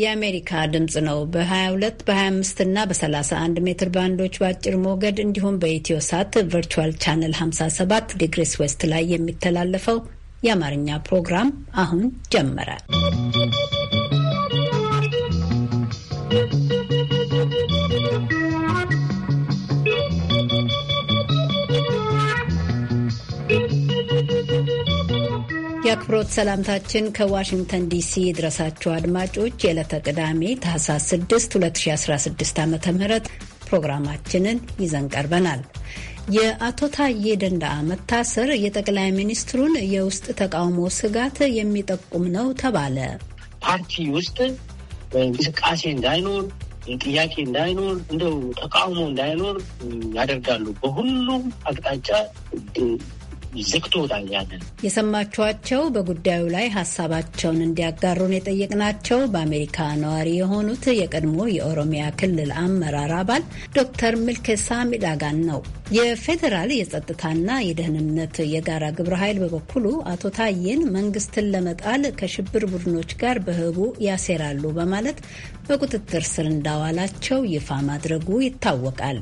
የአሜሪካ ድምፅ ነው። በ22 በ25 እና በ31 ሜትር ባንዶች በአጭር ሞገድ እንዲሁም በኢትዮ ሳት ቨርቹዋል ቻነል 57 ዲግሪስ ዌስት ላይ የሚተላለፈው የአማርኛ ፕሮግራም አሁን ጀመረ። የአክብሮት ሰላምታችን ከዋሽንግተን ዲሲ የድረሳችሁ አድማጮች የዕለተ ቅዳሜ ታህሳስ 6 2016 ዓ ም ፕሮግራማችንን ይዘን ቀርበናል። የአቶ ታዬ ደንዳ መታሰር የጠቅላይ ሚኒስትሩን የውስጥ ተቃውሞ ስጋት የሚጠቁም ነው ተባለ። ፓርቲ ውስጥ እንቅስቃሴ እንዳይኖር፣ ጥያቄ እንዳይኖር፣ እንደው ተቃውሞ እንዳይኖር ያደርጋሉ። በሁሉም አቅጣጫ ዘግቶታል። ያንን የሰማችኋቸው በጉዳዩ ላይ ሀሳባቸውን እንዲያጋሩን የጠየቅናቸው በአሜሪካ ነዋሪ የሆኑት የቀድሞ የኦሮሚያ ክልል አመራር አባል ዶክተር ምልኬሳ ሚዳጋን ነው። የፌዴራል የጸጥታና የደህንነት የጋራ ግብረ ኃይል በበኩሉ አቶ ታዬን መንግስትን ለመጣል ከሽብር ቡድኖች ጋር በህቡ ያሴራሉ በማለት በቁጥጥር ስር እንዳዋላቸው ይፋ ማድረጉ ይታወቃል።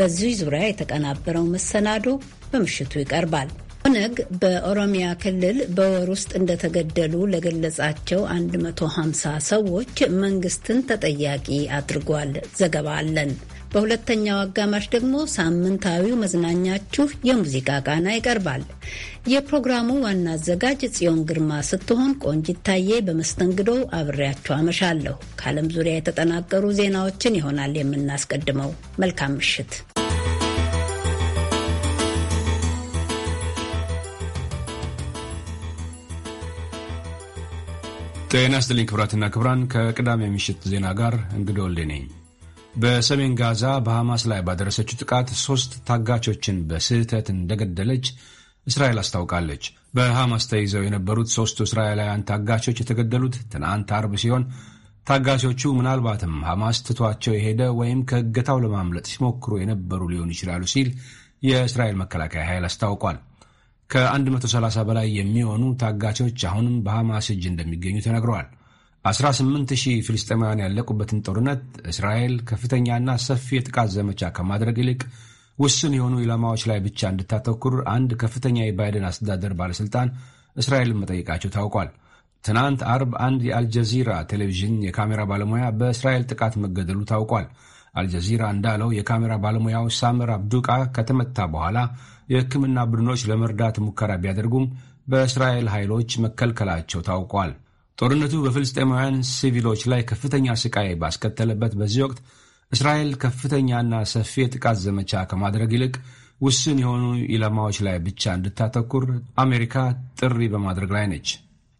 በዚህ ዙሪያ የተቀናበረው መሰናዶ በምሽቱ ይቀርባል። ኦነግ በኦሮሚያ ክልል በወር ውስጥ እንደተገደሉ ለገለጻቸው 150 ሰዎች መንግስትን ተጠያቂ አድርጓል። ዘገባ አለን። በሁለተኛው አጋማሽ ደግሞ ሳምንታዊው መዝናኛችሁ የሙዚቃ ቃና ይቀርባል። የፕሮግራሙ ዋና አዘጋጅ ጽዮን ግርማ ስትሆን ቆንጂት ታዬ በመስተንግዶ አብሬያችሁ አመሻለሁ። ከዓለም ዙሪያ የተጠናቀሩ ዜናዎችን ይሆናል የምናስቀድመው። መልካም ምሽት። ጤና ይስጥልኝ ክብራትና ክብራን ከቅዳሜ ምሽት ዜና ጋር እንግዳ ወልዴ ነኝ። በሰሜን ጋዛ በሐማስ ላይ ባደረሰችው ጥቃት ሦስት ታጋቾችን በስህተት እንደገደለች እስራኤል አስታውቃለች። በሐማስ ተይዘው የነበሩት ሦስቱ እስራኤላውያን ታጋቾች የተገደሉት ትናንት አርብ ሲሆን ታጋቾቹ ምናልባትም ሐማስ ትቷቸው የሄደ ወይም ከእገታው ለማምለጥ ሲሞክሩ የነበሩ ሊሆኑ ይችላሉ ሲል የእስራኤል መከላከያ ኃይል አስታውቋል። ከ130 በላይ የሚሆኑ ታጋቾች አሁንም በሐማስ እጅ እንደሚገኙ ተነግረዋል። 18,000 ፍልስጤማውያን ያለቁበትን ጦርነት እስራኤል ከፍተኛና ሰፊ የጥቃት ዘመቻ ከማድረግ ይልቅ ውስን የሆኑ ኢላማዎች ላይ ብቻ እንድታተኩር አንድ ከፍተኛ የባይደን አስተዳደር ባለሥልጣን እስራኤልን መጠየቃቸው ታውቋል። ትናንት አርብ አንድ የአልጀዚራ ቴሌቪዥን የካሜራ ባለሙያ በእስራኤል ጥቃት መገደሉ ታውቋል። አልጀዚራ እንዳለው የካሜራ ባለሙያው ሳምር አብዱቃ ከተመታ በኋላ የሕክምና ቡድኖች ለመርዳት ሙከራ ቢያደርጉም በእስራኤል ኃይሎች መከልከላቸው ታውቋል። ጦርነቱ በፍልስጤማውያን ሲቪሎች ላይ ከፍተኛ ስቃይ ባስከተለበት በዚህ ወቅት እስራኤል ከፍተኛና ሰፊ የጥቃት ዘመቻ ከማድረግ ይልቅ ውስን የሆኑ ኢላማዎች ላይ ብቻ እንድታተኩር አሜሪካ ጥሪ በማድረግ ላይ ነች።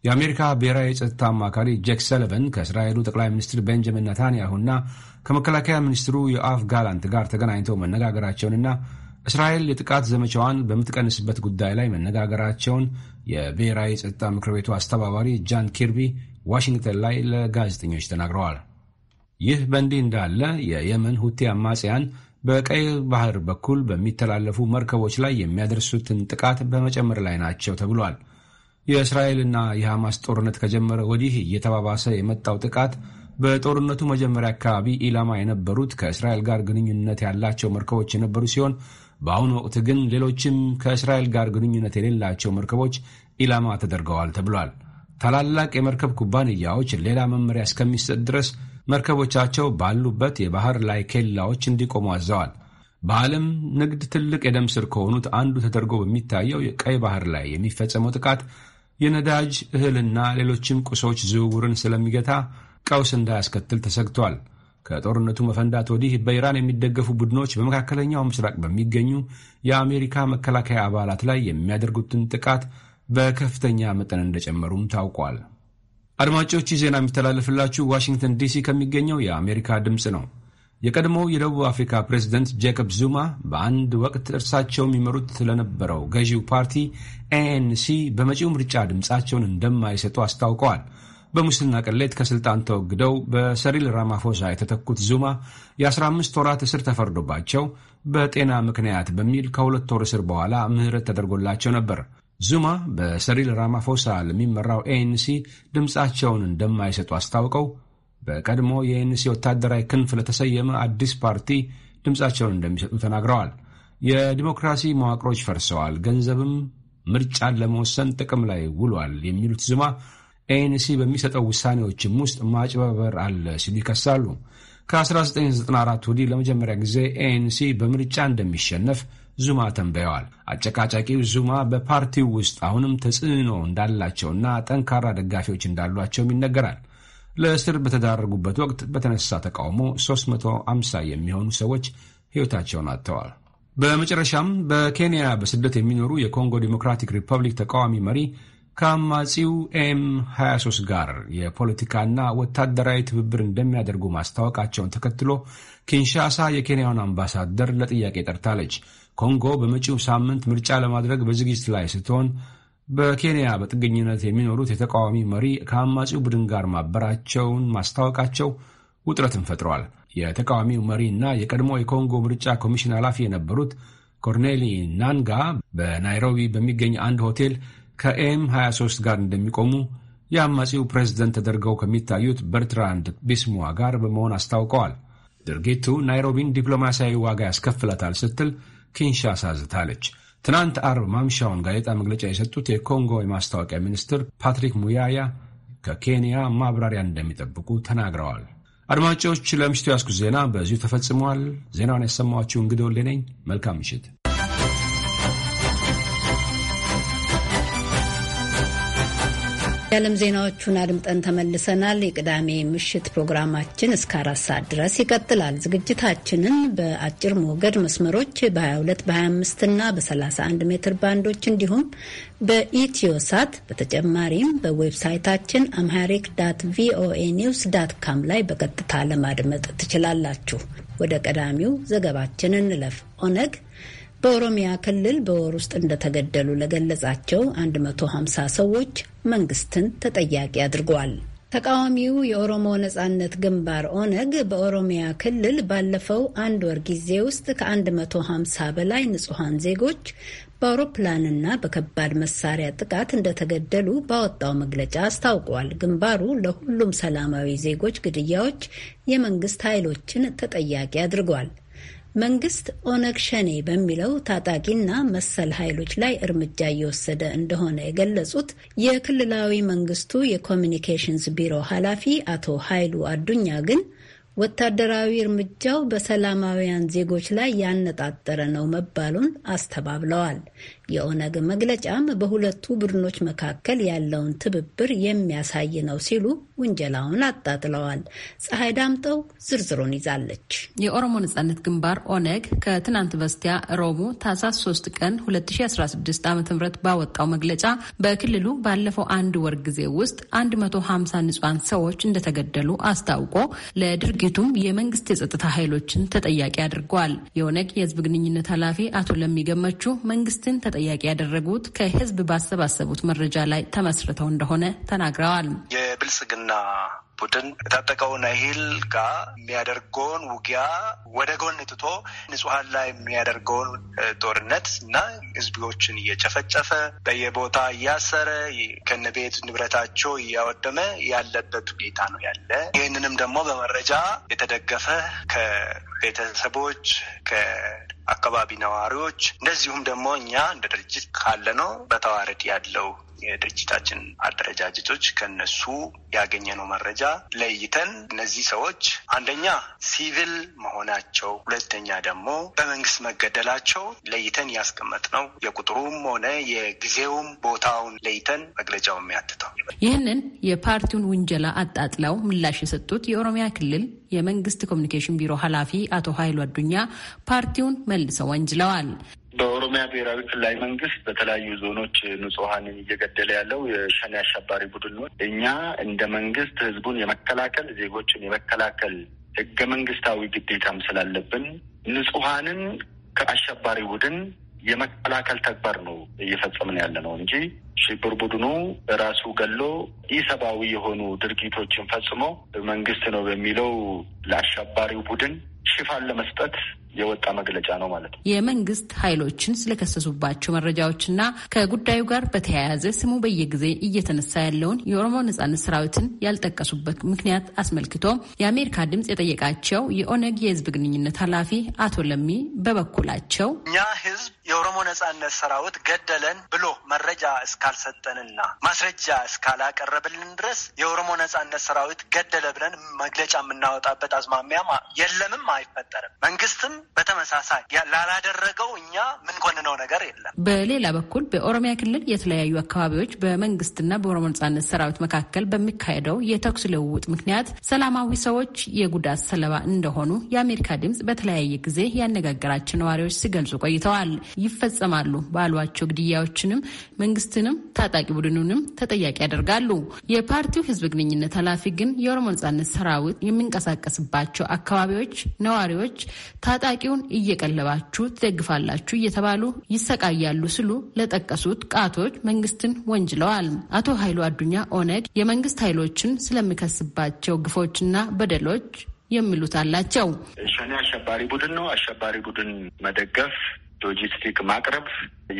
የአሜሪካ ብሔራዊ የጸጥታ አማካሪ ጄክ ሰለቨን ከእስራኤሉ ጠቅላይ ሚኒስትር ቤንጃሚን ነታንያሁና ከመከላከያ ሚኒስትሩ የአፍ ጋላንት ጋር ተገናኝተው መነጋገራቸውንና እስራኤል የጥቃት ዘመቻዋን በምትቀንስበት ጉዳይ ላይ መነጋገራቸውን የብሔራዊ የጸጥታ ምክር ቤቱ አስተባባሪ ጃን ኪርቢ ዋሽንግተን ላይ ለጋዜጠኞች ተናግረዋል። ይህ በእንዲህ እንዳለ የየመን ሁቲ አማጽያን በቀይ ባህር በኩል በሚተላለፉ መርከቦች ላይ የሚያደርሱትን ጥቃት በመጨመር ላይ ናቸው ተብሏል። የእስራኤልና የሐማስ ጦርነት ከጀመረ ወዲህ እየተባባሰ የመጣው ጥቃት በጦርነቱ መጀመሪያ አካባቢ ኢላማ የነበሩት ከእስራኤል ጋር ግንኙነት ያላቸው መርከቦች የነበሩ ሲሆን በአሁኑ ወቅት ግን ሌሎችም ከእስራኤል ጋር ግንኙነት የሌላቸው መርከቦች ኢላማ ተደርገዋል ተብሏል። ታላላቅ የመርከብ ኩባንያዎች ሌላ መመሪያ እስከሚሰጥ ድረስ መርከቦቻቸው ባሉበት የባህር ላይ ኬላዎች እንዲቆሙ አዘዋል። በዓለም ንግድ ትልቅ የደም ስር ከሆኑት አንዱ ተደርጎ በሚታየው የቀይ ባህር ላይ የሚፈጸመው ጥቃት የነዳጅ እህልና ሌሎችም ቁሶች ዝውውርን ስለሚገታ ቀውስ እንዳያስከትል ተሰግቷል። ከጦርነቱ መፈንዳት ወዲህ በኢራን የሚደገፉ ቡድኖች በመካከለኛው ምስራቅ በሚገኙ የአሜሪካ መከላከያ አባላት ላይ የሚያደርጉትን ጥቃት በከፍተኛ መጠን እንደጨመሩም ታውቋል። አድማጮች፣ ዜና የሚተላለፍላችሁ ዋሽንግተን ዲሲ ከሚገኘው የአሜሪካ ድምፅ ነው። የቀድሞው የደቡብ አፍሪካ ፕሬዝደንት ጄኮብ ዙማ በአንድ ወቅት እርሳቸው የሚመሩት ስለነበረው ገዢው ፓርቲ ኤኤንሲ በመጪው ምርጫ ድምፃቸውን እንደማይሰጡ አስታውቀዋል። በሙስና ቅሌት ከስልጣን ተወግደው በሰሪል ራማፎዛ የተተኩት ዙማ የ15 ወራት እስር ተፈርዶባቸው በጤና ምክንያት በሚል ከሁለት ወር እስር በኋላ ምህረት ተደርጎላቸው ነበር። ዙማ በሰሪል ራማፎሳ ለሚመራው ኤኤንሲ ድምፃቸውን እንደማይሰጡ አስታውቀው በቀድሞ የኤንሲ ወታደራዊ ክንፍ ለተሰየመ አዲስ ፓርቲ ድምፃቸውን እንደሚሰጡ ተናግረዋል። የዲሞክራሲ መዋቅሮች ፈርሰዋል፣ ገንዘብም ምርጫን ለመወሰን ጥቅም ላይ ውሏል የሚሉት ዙማ ኤንሲ በሚሰጠው ውሳኔዎችም ውስጥ ማጭበርበር አለ ሲሉ ይከሳሉ። ከ1994 ወዲህ ለመጀመሪያ ጊዜ ኤንሲ በምርጫ እንደሚሸነፍ ዙማ ተንበየዋል። አጨቃጫቂው ዙማ በፓርቲው ውስጥ አሁንም ተጽዕኖ እንዳላቸውና ጠንካራ ደጋፊዎች እንዳሏቸውም ይነገራል። ለእስር በተዳረጉበት ወቅት በተነሳ ተቃውሞ 350 የሚሆኑ ሰዎች ሕይወታቸውን አጥተዋል። በመጨረሻም በኬንያ በስደት የሚኖሩ የኮንጎ ዲሞክራቲክ ሪፐብሊክ ተቃዋሚ መሪ ከአማጺው ኤም 23 ጋር የፖለቲካና ወታደራዊ ትብብር እንደሚያደርጉ ማስታወቃቸውን ተከትሎ ኪንሻሳ የኬንያውን አምባሳደር ለጥያቄ ጠርታለች። ኮንጎ በመጪው ሳምንት ምርጫ ለማድረግ በዝግጅት ላይ ስትሆን በኬንያ በጥገኝነት የሚኖሩት የተቃዋሚ መሪ ከአማጺው ቡድን ጋር ማበራቸውን ማስታወቃቸው ውጥረትን ፈጥሯል። የተቃዋሚው መሪ እና የቀድሞ የኮንጎ ምርጫ ኮሚሽን ኃላፊ የነበሩት ኮርኔሊ ናንጋ በናይሮቢ በሚገኝ አንድ ሆቴል ከኤም 23 ጋር እንደሚቆሙ የአማጺው ፕሬዝደንት ተደርገው ከሚታዩት በርትራንድ ቢስሙዋ ጋር በመሆን አስታውቀዋል። ድርጊቱ ናይሮቢን ዲፕሎማሲያዊ ዋጋ ያስከፍለታል ስትል ኪንሻሳ ዝታለች። ትናንት አርብ ማምሻውን ጋዜጣ መግለጫ የሰጡት የኮንጎ የማስታወቂያ ሚኒስትር ፓትሪክ ሙያያ ከኬንያ ማብራሪያ እንደሚጠብቁ ተናግረዋል። አድማጮች ለምሽቱ ያስኩት ዜና በዚሁ ተፈጽመዋል። ዜናውን ያሰማኋችሁ እንግዲህ ወሌ ነኝ። መልካም ምሽት። የዓለም ዜናዎቹን አድምጠን ተመልሰናል። የቅዳሜ ምሽት ፕሮግራማችን እስከ አራት ሰዓት ድረስ ይቀጥላል። ዝግጅታችንን በአጭር ሞገድ መስመሮች በ22 በ25 እና በ31 ሜትር ባንዶች እንዲሁም በኢትዮ ሳት በተጨማሪም በዌብሳይታችን አምሃሪክ ዳት ቪኦኤ ኒውስ ዳት ካም ላይ በቀጥታ ለማድመጥ ትችላላችሁ። ወደ ቀዳሚው ዘገባችን እንለፍ። ኦነግ በኦሮሚያ ክልል በወር ውስጥ እንደተገደሉ ለገለጻቸው 150 ሰዎች መንግስትን ተጠያቂ አድርጓል። ተቃዋሚው የኦሮሞ ነጻነት ግንባር ኦነግ በኦሮሚያ ክልል ባለፈው አንድ ወር ጊዜ ውስጥ ከ150 በላይ ንጹሐን ዜጎች በአውሮፕላንና በከባድ መሳሪያ ጥቃት እንደተገደሉ ባወጣው መግለጫ አስታውቋል። ግንባሩ ለሁሉም ሰላማዊ ዜጎች ግድያዎች የመንግስት ኃይሎችን ተጠያቂ አድርጓል። መንግስት ኦነግ ሸኔ በሚለው ታጣቂና መሰል ኃይሎች ላይ እርምጃ እየወሰደ እንደሆነ የገለጹት የክልላዊ መንግስቱ የኮሚኒኬሽንስ ቢሮ ኃላፊ አቶ ኃይሉ አዱኛ ግን ወታደራዊ እርምጃው በሰላማውያን ዜጎች ላይ ያነጣጠረ ነው መባሉን አስተባብለዋል። የኦነግ መግለጫም በሁለቱ ቡድኖች መካከል ያለውን ትብብር የሚያሳይ ነው ሲሉ ውንጀላውን አጣጥለዋል። ፀሐይ ዳምጠው ዝርዝሩን ይዛለች። የኦሮሞ ነጻነት ግንባር ኦነግ ከትናንት በስቲያ ሮሙ ታህሳስ 3 ቀን 2016 ዓ ም ባወጣው መግለጫ በክልሉ ባለፈው አንድ ወር ጊዜ ውስጥ 150 ንጹሐን ሰዎች እንደተገደሉ አስታውቆ ለድርጊቱም የመንግስት የጸጥታ ኃይሎችን ተጠያቂ አድርጓል። የኦነግ የህዝብ ግንኙነት ኃላፊ አቶ ለሚገመቹ መንግስትን ተጠ ተጠያቂ ያደረጉት ከህዝብ ባሰባሰቡት መረጃ ላይ ተመስርተው እንደሆነ ተናግረዋል። የብልጽግና ቡድን የታጠቀውን ኃይል ጋር የሚያደርገውን ውጊያ ወደ ጎን ትቶ ንጹሀን ላይ የሚያደርገውን ጦርነት እና ህዝቢዎችን እየጨፈጨፈ በየቦታ እያሰረ ከነ ቤት ንብረታቸው እያወደመ ያለበት ሁኔታ ነው ያለ። ይህንንም ደግሞ በመረጃ የተደገፈ ከቤተሰቦች ከአካባቢ ነዋሪዎች እንደዚሁም ደግሞ እኛ እንደ ድርጅት ካለ ነው በተዋረድ ያለው የድርጅታችን አደረጃጀቶች ከነሱ ያገኘነው መረጃ ለይተን እነዚህ ሰዎች አንደኛ ሲቪል መሆናቸው፣ ሁለተኛ ደግሞ በመንግስት መገደላቸው ለይተን ያስቀመጥነው የቁጥሩም ሆነ የጊዜውም ቦታውን ለይተን መግለጫው የሚያትተው ይህንን የፓርቲውን ውንጀላ አጣጥለው ምላሽ የሰጡት የኦሮሚያ ክልል የመንግስት ኮሚኒኬሽን ቢሮ ኃላፊ አቶ ኃይሉ አዱኛ ፓርቲውን መልሰው ወንጅለዋል። የኦሮሚያ ብሔራዊ ክልላዊ መንግስት በተለያዩ ዞኖች ንጹሀንን እየገደለ ያለው የሸኔ አሸባሪ ቡድን ነው። እኛ እንደ መንግስት ህዝቡን የመከላከል ዜጎችን የመከላከል ህገ መንግስታዊ ግዴታም ስላለብን ንጹሀንን ከአሸባሪ ቡድን የመከላከል ተግባር ነው እየፈጸምን ያለ ነው እንጂ ሽብር ቡድኑ ራሱ ገሎ ኢሰብአዊ የሆኑ ድርጊቶችን ፈጽሞ መንግስት ነው በሚለው ለአሸባሪው ቡድን ሽፋን ለመስጠት የወጣ መግለጫ ነው ማለት ነው። የመንግስት ኃይሎችን ስለከሰሱባቸው መረጃዎችና ከጉዳዩ ጋር በተያያዘ ስሙ በየጊዜ እየተነሳ ያለውን የኦሮሞ ነጻነት ሰራዊትን ያልጠቀሱበት ምክንያት አስመልክቶ የአሜሪካ ድምፅ የጠየቃቸው የኦነግ የህዝብ ግንኙነት ኃላፊ አቶ ለሚ በበኩላቸው እኛ ህዝብ የኦሮሞ ነጻነት ሰራዊት ገደለን ብሎ መረጃ እስካልሰጠንና ማስረጃ እስካላቀረብልን ድረስ የኦሮሞ ነጻነት ሰራዊት ገደለ ብለን መግለጫ የምናወጣበት አዝማሚያ የለምም አይፈጠርም። መንግስትም በተመሳሳይ ላላደረገው እኛ ምንኮንነው ነገር የለም። በሌላ በኩል በኦሮሚያ ክልል የተለያዩ አካባቢዎች በመንግስትና በኦሮሞ ነጻነት ሰራዊት መካከል በሚካሄደው የተኩስ ልውውጥ ምክንያት ሰላማዊ ሰዎች የጉዳት ሰለባ እንደሆኑ የአሜሪካ ድምፅ በተለያየ ጊዜ ያነጋገራቸው ነዋሪዎች ሲገልጹ ቆይተዋል። ይፈጸማሉ ባሏቸው ግድያዎችንም መንግስትንም ታጣቂ ቡድኑንም ተጠያቂ ያደርጋሉ። የፓርቲው ህዝብ ግንኙነት ኃላፊ ግን የኦሮሞ ነጻነት ሰራዊት የሚንቀሳቀስባቸው አካባቢዎች ነዋሪዎች ታጣቂውን እየቀለባችሁ ትደግፋላችሁ እየተባሉ ይሰቃያሉ ሲሉ ለጠቀሱት ቃቶች መንግስትን ወንጅለዋል። አቶ ኃይሉ አዱኛ ኦነግ የመንግስት ኃይሎችን ስለሚከስባቸው ግፎችና በደሎች የሚሉት አላቸው። ሸኔ አሸባሪ ቡድን ነው። አሸባሪ ቡድን መደገፍ፣ ሎጂስቲክ ማቅረብ፣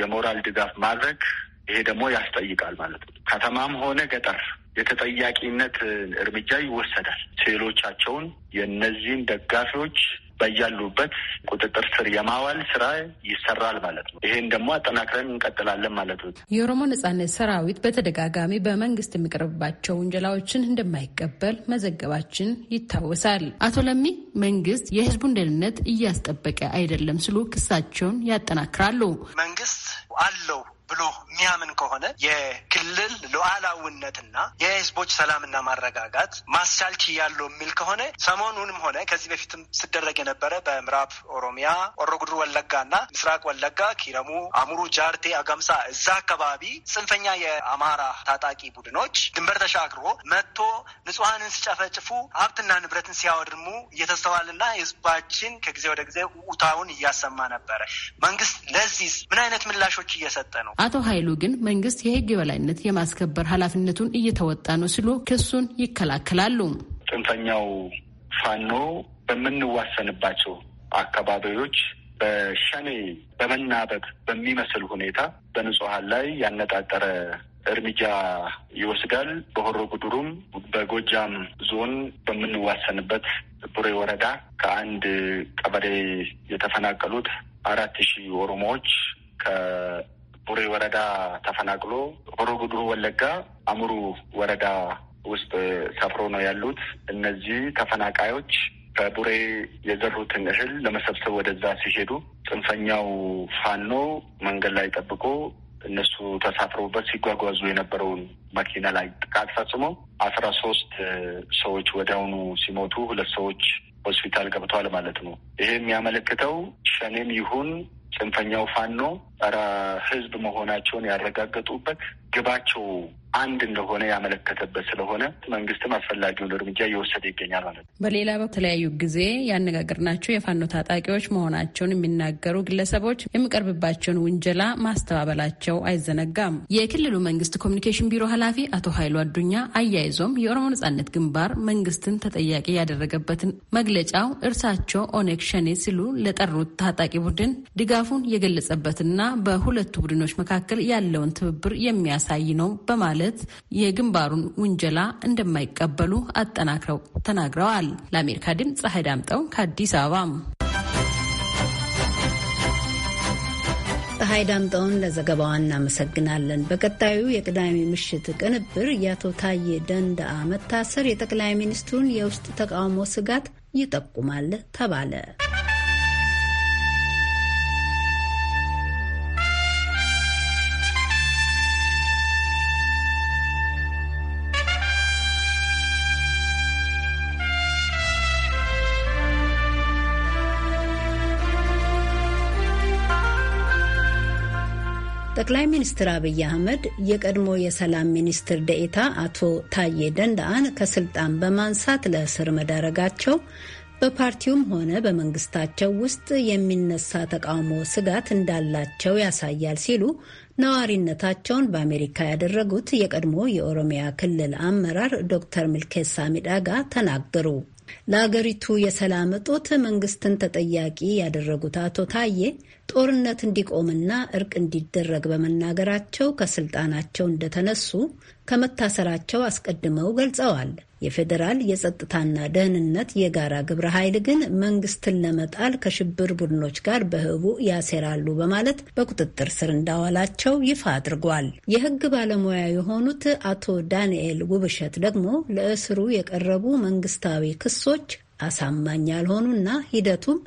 የሞራል ድጋፍ ማድረግ ይሄ ደግሞ ያስጠይቃል ማለት ነው። ከተማም ሆነ ገጠር የተጠያቂነት እርምጃ ይወሰዳል። ስዕሎቻቸውን የእነዚህን ደጋፊዎች በያሉበት ቁጥጥር ስር የማዋል ስራ ይሰራል ማለት ነው። ይህን ደግሞ አጠናክረን እንቀጥላለን ማለት ነው። የኦሮሞ ነጻነት ሰራዊት በተደጋጋሚ በመንግስት የሚቀርብባቸው ውንጀላዎችን እንደማይቀበል መዘገባችን ይታወሳል። አቶ ለሚ መንግስት የህዝቡን ደህንነት እያስጠበቀ አይደለም ሲሉ ክሳቸውን ያጠናክራሉ። መንግስት አለው ብሎ የሚያምን ከሆነ የክልል ሉዓላዊነትና የህዝቦች ሰላምና ማረጋጋት ማስቻልቺ ያለው የሚል ከሆነ ሰሞኑንም ሆነ ከዚህ በፊትም ሲደረግ የነበረ በምዕራብ ኦሮሚያ ሆሮ ወለጋና ምስራቅ ወለጋ ኪረሙ፣ አሙሩ፣ ጃርቴ፣ አጋምሳ እዛ አካባቢ ጽንፈኛ የአማራ ታጣቂ ቡድኖች ድንበር ተሻግሮ መጥቶ ንጹሐንን ሲጨፈጭፉ ሀብትና ንብረትን ሲያወድሙ እየተስተዋልና ህዝባችን ከጊዜ ወደ ጊዜ ውታውን እያሰማ ነበረ። መንግስት ለዚህ ምን አይነት ምላሾች እየሰጠ ነው? አቶ ኃይሉ ግን መንግስት የህግ የበላይነት የማስከበር ኃላፊነቱን እየተወጣ ነው ሲሉ ክሱን ይከላከላሉ። ጽንፈኛው ፋኖ በምንዋሰንባቸው አካባቢዎች በሸኔ በመናበብ በሚመስል ሁኔታ በንጹሀን ላይ ያነጣጠረ እርምጃ ይወስዳል። በሆሮ ጉድሩም በጎጃም ዞን በምንዋሰንበት ቡሬ ወረዳ ከአንድ ቀበሌ የተፈናቀሉት አራት ሺህ ኦሮሞዎች ከ ቡሬ ወረዳ ተፈናቅሎ ሆሮ ወለጋ አሙሩ ወረዳ ውስጥ ሰፍሮ ነው ያሉት። እነዚህ ተፈናቃዮች ከቡሬ የዘሩትን እህል ለመሰብሰብ ወደዛ ሲሄዱ ጽንፈኛው ፋኖ መንገድ ላይ ጠብቆ እነሱ ተሳፍረውበት ሲጓጓዙ የነበረውን መኪና ላይ ጥቃት ፈጽሞ አስራ ሶስት ሰዎች ወዲያውኑ ሲሞቱ ሁለት ሰዎች ሆስፒታል ገብተዋል ማለት ነው። ይሄ የሚያመለክተው ሸኔም ይሁን ጽንፈኛው ፋኖ ጸረ መሆናቸውን ያረጋገጡበት ግባቸው አንድ እንደሆነ ያመለከተበት ስለሆነ መንግስትም አስፈላጊውን እርምጃ እየወሰደ ይገኛል ማለት ነው። በሌላ በተለያዩ ጊዜ ያነጋገርናቸው የፋኖ ታጣቂዎች መሆናቸውን የሚናገሩ ግለሰቦች የሚቀርብባቸውን ውንጀላ ማስተባበላቸው አይዘነጋም። የክልሉ መንግስት ኮሚኒኬሽን ቢሮ ኃላፊ አቶ ኃይሉ አዱኛ አያይዞም የኦሮሞ ነጻነት ግንባር መንግስትን ተጠያቂ ያደረገበትን መግለጫው እርሳቸው ኦነግ ሸኔ ሲሉ ለጠሩት ታጣቂ ቡድን ድጋፉን የገለጸበትና በሁለቱ ቡድኖች መካከል ያለውን ትብብር የሚያሳይ ነው በማለት በማለት የግንባሩን ውንጀላ እንደማይቀበሉ አጠናክረው ተናግረዋል። ለአሜሪካ ድምፅ ፀሐይ ዳምጠው ከአዲስ አበባ። ፀሐይ ዳምጠውን ለዘገባዋ እናመሰግናለን። በቀጣዩ የቅዳሜ ምሽት ቅንብር የአቶ ታዬ ደንደአ መታሰር የጠቅላይ ሚኒስትሩን የውስጥ ተቃውሞ ስጋት ይጠቁማል ተባለ። ጠቅላይ ሚኒስትር አብይ አህመድ የቀድሞ የሰላም ሚኒስትር ደኤታ አቶ ታዬ ደንዳአን ከስልጣን በማንሳት ለእስር መዳረጋቸው በፓርቲውም ሆነ በመንግስታቸው ውስጥ የሚነሳ ተቃውሞ ስጋት እንዳላቸው ያሳያል ሲሉ ነዋሪነታቸውን በአሜሪካ ያደረጉት የቀድሞ የኦሮሚያ ክልል አመራር ዶክተር ሚልኬሳ ሚዳጋ ተናገሩ። ለአገሪቱ የሰላም እጦት መንግስትን ተጠያቂ ያደረጉት አቶ ታዬ ጦርነት እንዲቆምና እርቅ እንዲደረግ በመናገራቸው ከስልጣናቸው እንደተነሱ ከመታሰራቸው አስቀድመው ገልጸዋል። የፌዴራል የጸጥታና ደህንነት የጋራ ግብረ ኃይል ግን መንግስትን ለመጣል ከሽብር ቡድኖች ጋር በህቡ ያሴራሉ በማለት በቁጥጥር ስር እንዳዋላቸው ይፋ አድርጓል። የህግ ባለሙያ የሆኑት አቶ ዳንኤል ውብሸት ደግሞ ለእስሩ የቀረቡ መንግስታዊ ክሶች አሳማኝ ያልሆኑና ሂደቱም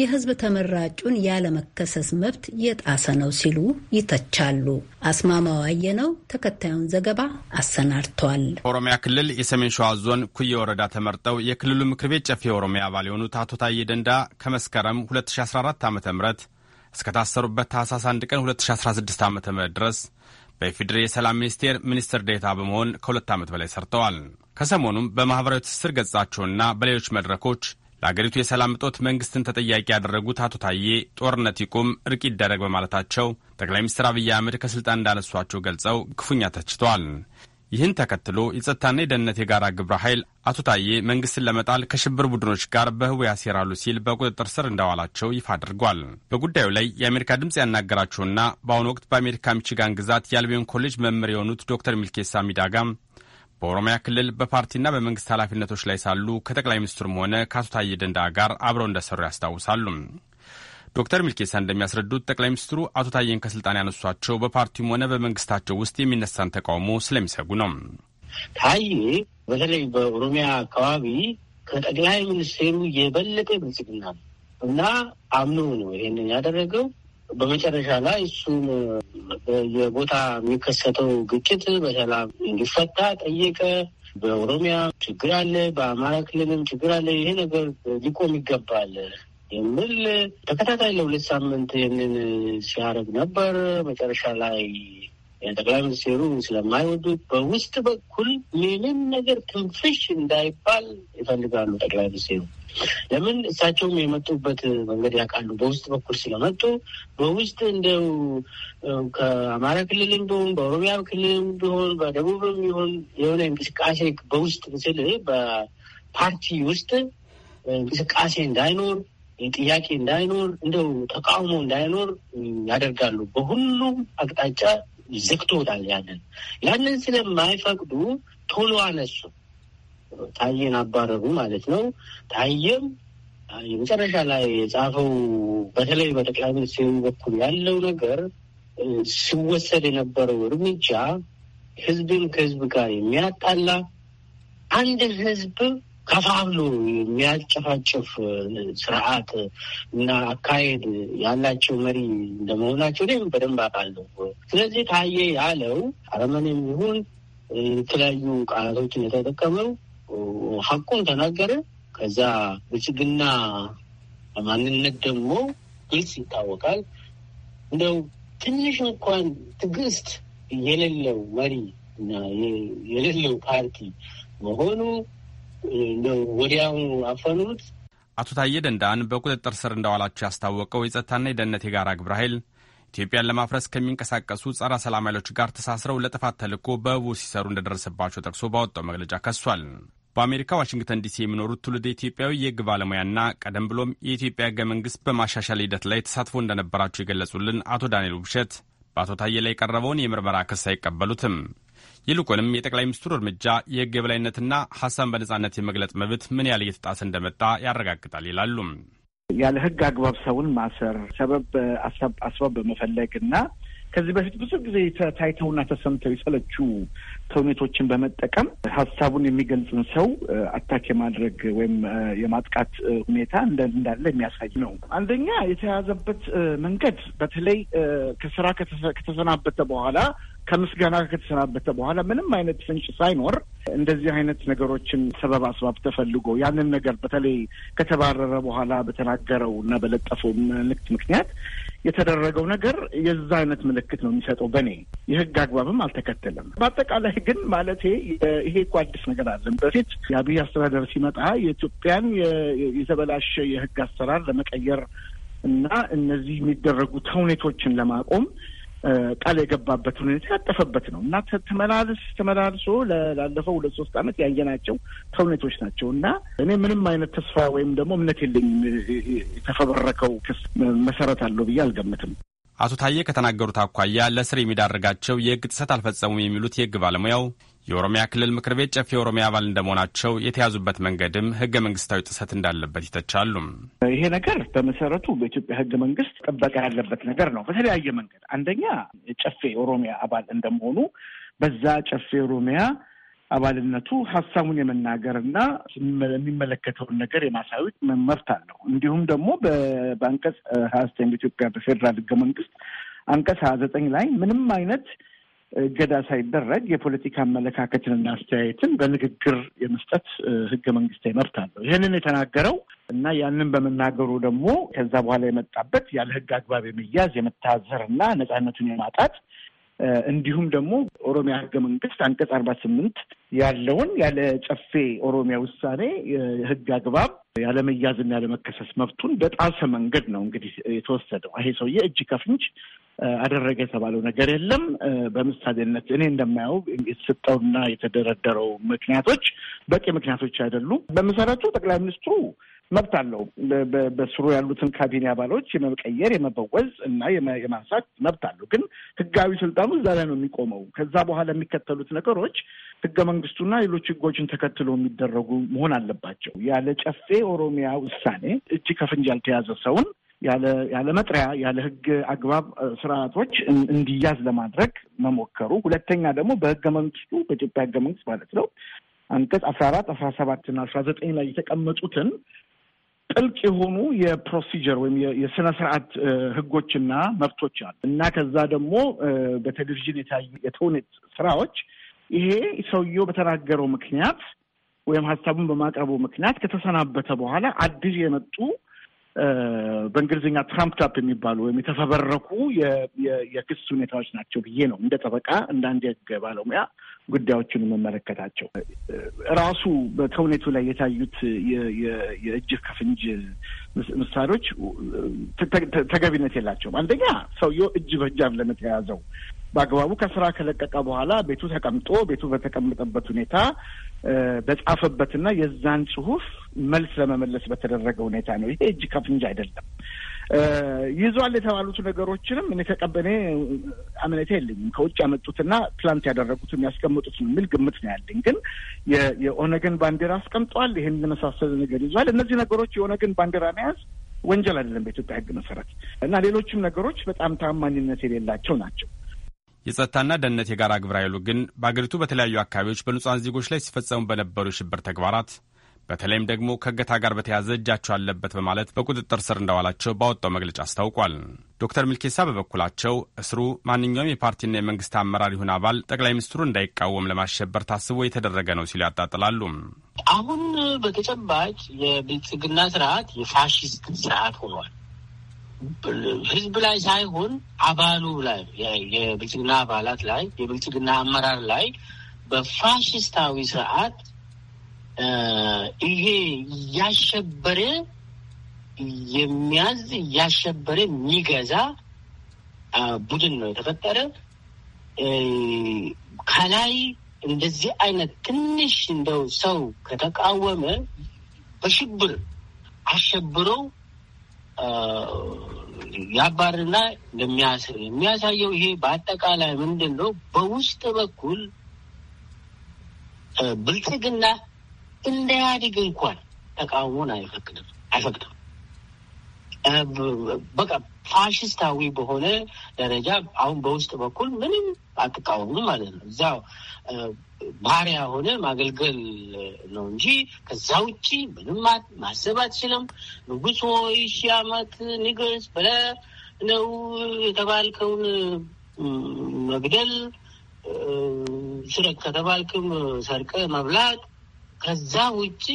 የህዝብ ተመራጩን ያለመከሰስ መብት የጣሰ ነው ሲሉ ይተቻሉ። አስማማው አየነው ተከታዩን ዘገባ አሰናድቷል። ኦሮሚያ ክልል የሰሜን ሸዋ ዞን ኩየ ወረዳ ተመርጠው የክልሉ ምክር ቤት ጨፌ ኦሮሚያ አባል የሆኑት አቶ ታዬ ደንዳ ከመስከረም 2014 ዓ ም እስከታሰሩበት ታህሳስ 1 ቀን 2016 ዓ ም ድረስ በኢፌዴሪ የሰላም ሚኒስቴር ሚኒስትር ዴታ በመሆን ከሁለት ዓመት በላይ ሰርተዋል። ከሰሞኑም በማኅበራዊ ትስስር ገጻቸውና በሌሎች መድረኮች ለአገሪቱ የሰላም እጦት መንግስትን ተጠያቂ ያደረጉት አቶ ታዬ ጦርነት ይቁም፣ እርቅ ይደረግ በማለታቸው ጠቅላይ ሚኒስትር አብይ አህመድ ከሥልጣን እንዳነሷቸው ገልጸው ክፉኛ ተችተዋል። ይህን ተከትሎ የጸጥታና የደህንነት የጋራ ግብረ ኃይል አቶ ታዬ መንግስትን ለመጣል ከሽብር ቡድኖች ጋር በህቡ ያሴራሉ ሲል በቁጥጥር ስር እንዳዋላቸው ይፋ አድርጓል። በጉዳዩ ላይ የአሜሪካ ድምፅ ያናገራቸውና በአሁኑ ወቅት በአሜሪካ ሚቺጋን ግዛት የአልቢዮን ኮሌጅ መምህር የሆኑት ዶክተር ሚልኬሳ ሚዳጋም በኦሮሚያ ክልል በፓርቲና በመንግስት ኃላፊነቶች ላይ ሳሉ ከጠቅላይ ሚኒስትሩም ሆነ ከአቶ ታዬ ደንዳ ጋር አብረው እንደሰሩ ያስታውሳሉ። ዶክተር ሚልኬሳ እንደሚያስረዱት ጠቅላይ ሚኒስትሩ አቶ ታዬን ከስልጣን ያነሷቸው በፓርቲውም ሆነ በመንግስታቸው ውስጥ የሚነሳን ተቃውሞ ስለሚሰጉ ነው። ታዬ በተለይ በኦሮሚያ አካባቢ ከጠቅላይ ሚኒስትሩ የበለጠ ብልጽግና ነው እና አምኖ ነው ይሄንን ያደረገው። በመጨረሻ ላይ እሱም የቦታ የሚከሰተው ግጭት በሰላም እንዲፈታ ጠየቀ። በኦሮሚያ ችግር አለ፣ በአማራ ክልልም ችግር አለ። ይሄ ነገር ሊቆም ይገባል የሚል ተከታታይ ለሁለት ሳምንት ይህንን ሲያደርግ ነበር። መጨረሻ ላይ ጠቅላይ ሚኒስትሩ ስለማይወዱት በውስጥ በኩል ምንም ነገር ትንፍሽ እንዳይባል ይፈልጋሉ። ጠቅላይ ሚኒስትሩ ለምን እሳቸውም የመጡበት መንገድ ያውቃሉ። በውስጥ በኩል ስለመጡ በውስጥ እንደው ከአማራ ክልልም ቢሆን በኦሮሚያ ክልልም ቢሆን በደቡብም ቢሆን የሆነ እንቅስቃሴ በውስጥ ምስል በፓርቲ ውስጥ እንቅስቃሴ እንዳይኖር ጥያቄ እንዳይኖር እንደው ተቃውሞ እንዳይኖር ያደርጋሉ። በሁሉም አቅጣጫ ዘግቶታል። ያንን ያንን ስለማይፈቅዱ ቶሎ አነሱ። ታዬን አባረሩ ማለት ነው። ታዬም የመጨረሻ ላይ የጻፈው በተለይ በጠቅላይ ሚኒስትሩ በኩል ያለው ነገር ሲወሰድ የነበረው እርምጃ ህዝብን ከህዝብ ጋር የሚያጣላ አንድ ህዝብ ከፋብሎ የሚያጨፋጭፍ ስርዓት እና አካሄድ ያላቸው መሪ እንደመሆናቸው እኔም በደንብ አውቃለሁ። ስለዚህ ታየ ያለው አረመኔም ይሁን የተለያዩ ቃላቶችን የተጠቀመው ሀቁን ተናገረ። ከዛ ብልጽግና ማንነት ደግሞ ግልጽ ይታወቃል። እንደው ትንሽ እንኳን ትዕግስት የሌለው መሪ እና የሌለው ፓርቲ መሆኑ ወዲያው አፈኑት። አቶ ታዬ ደንዳን በቁጥጥር ስር እንደዋላቸው ያስታወቀው የጸጥታና የደህንነት የጋራ ግብረ ኃይል ኢትዮጵያን ለማፍረስ ከሚንቀሳቀሱ ጸረ ሰላም ኃይሎች ጋር ተሳስረው ለጥፋት ተልዕኮ በቡ ሲሰሩ እንደደረሰባቸው ጠቅሶ ባወጣው መግለጫ ከሷል። በአሜሪካ ዋሽንግተን ዲሲ የሚኖሩት ትውልድ ኢትዮጵያዊ የህግ ባለሙያና ቀደም ብሎም የኢትዮጵያ ህገ መንግስት በማሻሻል ሂደት ላይ ተሳትፎ እንደነበራቸው የገለጹልን አቶ ዳንኤል ውብሸት በአቶ ታዬ ላይ የቀረበውን የምርመራ ክስ አይቀበሉትም። ይልቁንም የጠቅላይ ሚኒስትሩ እርምጃ የህግ የበላይነትና ሀሳብን በነጻነት የመግለጽ መብት ምን ያህል እየተጣሰ እንደመጣ ያረጋግጣል ይላሉ። ያለ ህግ አግባብ ሰውን ማሰር ሰበብ አስባብ በመፈለግ እና ከዚህ በፊት ብዙ ጊዜ ታይተውና ተሰምተው የሰለቹ ተውኔቶችን በመጠቀም ሀሳቡን የሚገልጽን ሰው አታክ የማድረግ ወይም የማጥቃት ሁኔታ እንዳለ የሚያሳይ ነው። አንደኛ የተያዘበት መንገድ በተለይ ከስራ ከተሰናበተ በኋላ ከምስጋና ከተሰናበተ በኋላ ምንም አይነት ፍንጭ ሳይኖር እንደዚህ አይነት ነገሮችን ሰበብ አስባብ ተፈልጎ ያንን ነገር በተለይ ከተባረረ በኋላ በተናገረው እና በለጠፈው ምልክት ምክንያት የተደረገው ነገር የዛ አይነት ምልክት ነው የሚሰጠው። በእኔ የህግ አግባብም አልተከተለም። በአጠቃላይ ግን ማለት ይሄ እኮ አዲስ ነገር አለን። በፊት የአብይ አስተዳደር ሲመጣ የኢትዮጵያን የተበላሸ የህግ አሰራር ለመቀየር እና እነዚህ የሚደረጉ ተውኔቶችን ለማቆም ቃል የገባበት ሁኔታ ያጠፈበት ነው እና ተመላልስ ተመላልሶ ላለፈው ሁለት ሶስት አመት ያየናቸው ተውኔቶች ናቸው እና እኔ ምንም አይነት ተስፋ ወይም ደግሞ እምነት የለኝም የተፈበረከው ክስ መሰረት አለው ብዬ አልገምትም። አቶ ታዬ ከተናገሩት አኳያ ለእስር የሚዳርጋቸው የህግ ጥሰት አልፈጸሙም የሚሉት የህግ ባለሙያው የኦሮሚያ ክልል ምክር ቤት ጨፌ የኦሮሚያ አባል እንደመሆናቸው የተያዙበት መንገድም ህገ መንግስታዊ ጥሰት እንዳለበት ይተቻሉ። ይሄ ነገር በመሰረቱ በኢትዮጵያ ህገ መንግስት ጥበቃ ያለበት ነገር ነው። በተለያየ መንገድ አንደኛ ጨፌ ኦሮሚያ አባል እንደመሆኑ በዛ ጨፌ ኦሮሚያ አባልነቱ ሀሳቡን የመናገር የሚመለከተውን ነገር የማሳወቅ መብት አለው። እንዲሁም ደግሞ በአንቀጽ ሀያ ዘጠኝ በኢትዮጵያ በፌዴራል ህገ መንግስት አንቀጽ ሀያ ዘጠኝ ላይ ምንም አይነት እገዳ ሳይደረግ የፖለቲካ አመለካከትንና አስተያየትን በንግግር የመስጠት ህገ መንግስታዊ መብት አለው። ይህንን የተናገረው እና ያንን በመናገሩ ደግሞ ከዛ በኋላ የመጣበት ያለ ህግ አግባብ የመያዝ የመታዘር እና ነጻነቱን የማጣት እንዲሁም ደግሞ ኦሮሚያ ህገ መንግስት አንቀጽ አርባ ስምንት ያለውን ያለ ጨፌ ኦሮሚያ ውሳኔ ህግ አግባብ ያለመያዝና ያለመከሰስ መብቱን በጣሰ መንገድ ነው እንግዲህ የተወሰደው። ይሄ ሰውዬ እጅ ከፍንጅ አደረገ የተባለው ነገር የለም። በምሳሌነት እኔ እንደማየው የተሰጠውና የተደረደረው ምክንያቶች በቂ ምክንያቶች አይደሉም። በመሰረቱ ጠቅላይ ሚኒስትሩ መብት አለው። በስሩ ያሉትን ካቢኔ አባሎች የመቀየር የመበወዝ እና የማንሳት መብት አለው። ግን ህጋዊ ስልጣኑ እዛ ላይ ነው የሚቆመው። ከዛ በኋላ የሚከተሉት ነገሮች ህገ መንግስቱና ሌሎች ህጎችን ተከትሎ የሚደረጉ መሆን አለባቸው። ያለ ጨፌ ኦሮሚያ ውሳኔ እጅ ከፍንጅ ያልተያዘ ሰውን ያለ መጥሪያ ያለ ህግ አግባብ ስርዓቶች እንዲያዝ ለማድረግ መሞከሩ፣ ሁለተኛ ደግሞ በህገ መንግስቱ በኢትዮጵያ ህገ መንግስት ማለት ነው አንቀጽ አስራ አራት አስራ ሰባትና አስራ ዘጠኝ ላይ የተቀመጡትን ጥልቅ የሆኑ የፕሮሲጀር ወይም የስነ ስርዓት ህጎችና መብቶች አሉ እና ከዛ ደግሞ በቴሌቪዥን የታዩ የተውኔት ስራዎች ይሄ ሰውየው በተናገረው ምክንያት ወይም ሀሳቡን በማቅረቡ ምክንያት ከተሰናበተ በኋላ አዲስ የመጡ በእንግሊዝኛ ትራምፕ ታፕ የሚባሉ ወይም የተፈበረኩ የክስ ሁኔታዎች ናቸው ብዬ ነው እንደ ጠበቃ እንደ አንድ የህግ ባለሙያ ጉዳዮችን የምመለከታቸው። ራሱ በተውኔቱ ላይ የታዩት የእጅ ከፍንጅ ምሳሌዎች ተገቢነት የላቸውም። አንደኛ ሰውየው እጅ በእጅ አይደለም በአግባቡ ከስራ ከለቀቀ በኋላ ቤቱ ተቀምጦ ቤቱ በተቀመጠበት ሁኔታ በጻፈበትና የዛን ጽሁፍ መልስ ለመመለስ በተደረገ ሁኔታ ነው። ይሄ እጅ ከፍንጅ አይደለም። ይዟል የተባሉት ነገሮችንም እኔ ተቀበኔ አመኔታ የለኝም። ከውጭ ያመጡትና ፕላንት ያደረጉት የሚያስቀምጡት የሚል ግምት ነው ያለኝ። ግን የኦነግን ባንዲራ አስቀምጧል፣ ይህን የመሳሰለ ነገር ይዟል። እነዚህ ነገሮች የኦነግን ባንዲራ መያዝ ወንጀል አይደለም በኢትዮጵያ ሕግ መሰረት እና ሌሎችም ነገሮች በጣም ታማኝነት የሌላቸው ናቸው። የጸጥታና ደህንነት የጋራ ግብረ ኃይሉ ግን በአገሪቱ በተለያዩ አካባቢዎች በንጹሐን ዜጎች ላይ ሲፈጸሙ በነበሩ የሽብር ተግባራት በተለይም ደግሞ ከእገታ ጋር በተያዘ እጃቸው አለበት በማለት በቁጥጥር ስር እንዳዋላቸው ባወጣው መግለጫ አስታውቋል። ዶክተር ሚልኬሳ በበኩላቸው እስሩ ማንኛውም የፓርቲና የመንግስት አመራር ይሁን አባል ጠቅላይ ሚኒስትሩ እንዳይቃወም ለማሸበር ታስቦ የተደረገ ነው ሲሉ ያጣጥላሉ። አሁን በተጨባጭ የብልጽግና ስርዓት የፋሽስት ስርዓት ሆኗል። ህዝብ ላይ ሳይሆን አባሉ ላይ የብልጽግና አባላት ላይ የብልጽግና አመራር ላይ በፋሽስታዊ ስርዓት ይሄ እያሸበረ የሚያዝ እያሸበረ የሚገዛ ቡድን ነው የተፈጠረ። ከላይ እንደዚህ አይነት ትንሽ እንደው ሰው ከተቃወመ በሽብር አሸብረው ያባርና እንደሚያስር የሚያሳየው ይሄ በአጠቃላይ ምንድን ነው? በውስጥ በኩል ብልጽግና እንዳያድግ እንኳን ተቃውሞን አይፈቅድም አይፈቅድም። በቃ ፋሽስታዊ በሆነ ደረጃ አሁን በውስጥ በኩል ምንም አትቃወሙ ማለት ነው። እዛ ባሪያ ሆነ ማገልገል ነው እንጂ ከዛ ውጭ ምንም ማሰብ አትችልም። ንጉሥ ሆይ ሺህ ዓመት ነው የተባልከውን መግደል፣ ስረቅ ከተባልክም ሰርቀ መብላት። ከዛ ውጭ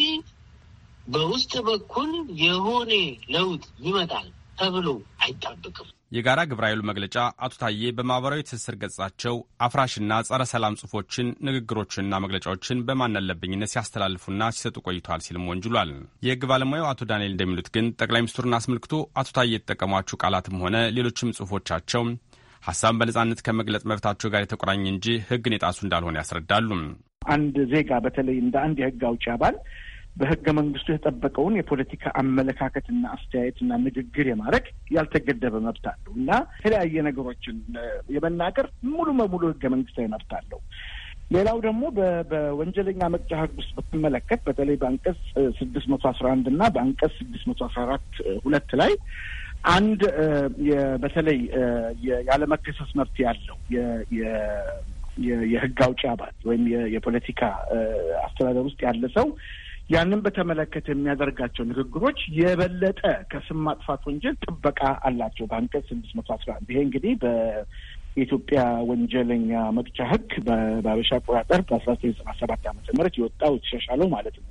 በውስጥ በኩል የሆነ ለውጥ ይመጣል ተብሎ አይጠብቅም። የጋራ ግብረ ኃይሉ መግለጫ አቶ ታዬ በማህበራዊ ትስስር ገጻቸው አፍራሽና ጸረ ሰላም ጽሁፎችን ንግግሮችንና መግለጫዎችን በማናለብኝነት ሲያስተላልፉና ሲሰጡ ቆይተዋል ሲልም ወንጅሏል። የህግ ባለሙያው አቶ ዳንኤል እንደሚሉት ግን ጠቅላይ ሚኒስትሩን አስመልክቶ አቶ ታዬ የተጠቀሟቸው ቃላትም ሆነ ሌሎችም ጽሁፎቻቸው ሀሳብን በነጻነት ከመግለጽ መብታቸው ጋር የተቆራኘ እንጂ ህግን የጣሱ እንዳልሆነ ያስረዳሉ። አንድ ዜጋ በተለይ እንደ አንድ የህግ አውጪ አባል በህገ መንግስቱ የተጠበቀውን የፖለቲካ አመለካከትና አስተያየትና ንግግር የማድረግ ያልተገደበ መብት አለው እና የተለያየ ነገሮችን የመናገር ሙሉ በሙሉ ህገ መንግስታዊ መብት አለው። ሌላው ደግሞ በወንጀለኛ መቅጫ ህግ ውስጥ ብትመለከት በተለይ በአንቀጽ ስድስት መቶ አስራ አንድ እና በአንቀጽ ስድስት መቶ አስራ አራት ሁለት ላይ አንድ በተለይ ያለመከሰስ መብት ያለው የህግ አውጪ አባል ወይም የፖለቲካ አስተዳደር ውስጥ ያለ ሰው ያንን በተመለከተ የሚያደርጋቸው ንግግሮች የበለጠ ከስም ማጥፋት ወንጀል ጥበቃ አላቸው በአንቀጽ ስድስት መቶ አስራ አንድ ይሄ እንግዲህ በኢትዮጵያ ወንጀለኛ መቅጫ ህግ በአበሻ አቆጣጠር በአስራ ዘጠኝ ዘጠና ሰባት ዓመተ ምህረት የወጣው የተሻሻለው ማለት ነው።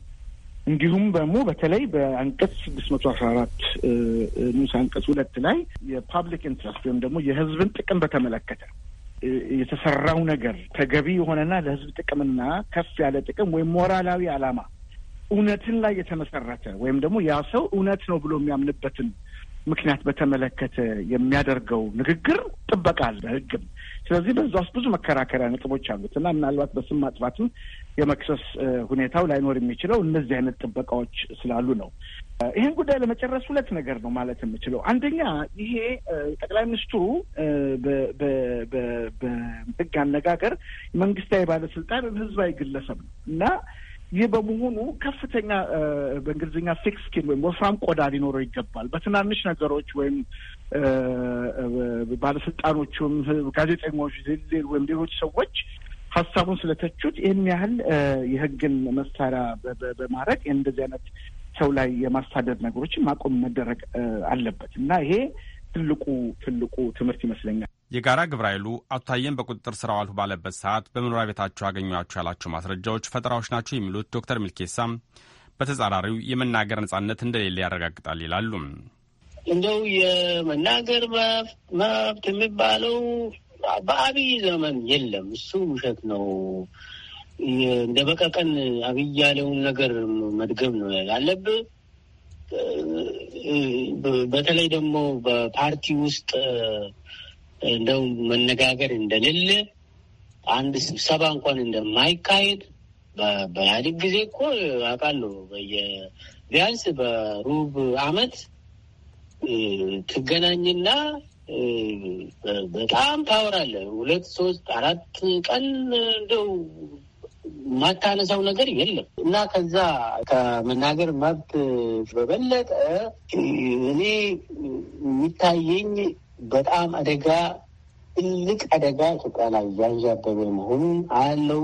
እንዲሁም ደግሞ በተለይ በአንቀጽ ስድስት መቶ አስራ አራት ንዑስ አንቀጽ ሁለት ላይ የፓብሊክ ኢንትረስት ወይም ደግሞ የህዝብን ጥቅም በተመለከተ የተሰራው ነገር ተገቢ የሆነና ለህዝብ ጥቅምና ከፍ ያለ ጥቅም ወይም ሞራላዊ አላማ። እውነትን ላይ የተመሰረተ ወይም ደግሞ ያ ሰው እውነት ነው ብሎ የሚያምንበትን ምክንያት በተመለከተ የሚያደርገው ንግግር ጥበቃ አለ ሕግም። ስለዚህ በዛ ውስጥ ብዙ መከራከሪያ ነጥቦች አሉት እና ምናልባት በስም ማጥፋትም የመክሰስ ሁኔታው ላይኖር የሚችለው እነዚህ አይነት ጥበቃዎች ስላሉ ነው። ይህን ጉዳይ ለመጨረስ ሁለት ነገር ነው ማለት የምችለው። አንደኛ ይሄ ጠቅላይ ሚኒስትሩ በህግ አነጋገር መንግስታዊ ባለስልጣን ህዝባዊ ግለሰብ ነው እና ይህ በመሆኑ ከፍተኛ በእንግሊዝኛ ቲክ ስኪን ወይም ወፍራም ቆዳ ሊኖረው ይገባል። በትናንሽ ነገሮች ወይም ባለስልጣኖቹም፣ ጋዜጠኞች ወይም ሌሎች ሰዎች ሀሳቡን ስለተቹት ይህን ያህል የህግን መሳሪያ በማድረግ እንደዚህ አይነት ሰው ላይ የማሳደድ ነገሮችን ማቆም መደረግ አለበት እና ይሄ ትልቁ ትልቁ ትምህርት ይመስለኛል። የጋራ ግብረ ኃይሉ አቶ ታየን በቁጥጥር ስር አዋልኩ ባለበት ሰዓት በመኖሪያ ቤታቸው አገኟቸው ያላቸው ማስረጃዎች ፈጠራዎች ናቸው የሚሉት ዶክተር ሚልኬሳም በተጻራሪው የመናገር ነጻነት እንደሌለ ያረጋግጣል ይላሉ። እንደው የመናገር መብት የሚባለው በአብይ ዘመን የለም። እሱ ውሸት ነው። እንደ በቀቀን አብይ ያለውን ነገር መድገም ነው ያለብህ። በተለይ ደግሞ በፓርቲ ውስጥ እንደው መነጋገር እንደሌለ አንድ ስብሰባ እንኳን እንደማይካሄድ በኢህአዴግ ጊዜ እኮ አውቃለሁ። ቢያንስ በሩብ አመት ትገናኝና በጣም ታወራለህ። ሁለት ሶስት አራት ቀን እንደው ማታነሳው ነገር የለም እና ከዛ ከመናገር መብት በበለጠ እኔ የሚታየኝ በጣም አደጋ ትልቅ አደጋ ኢትዮጵያ ላይ እያንዣበበ መሆኑን አያለው።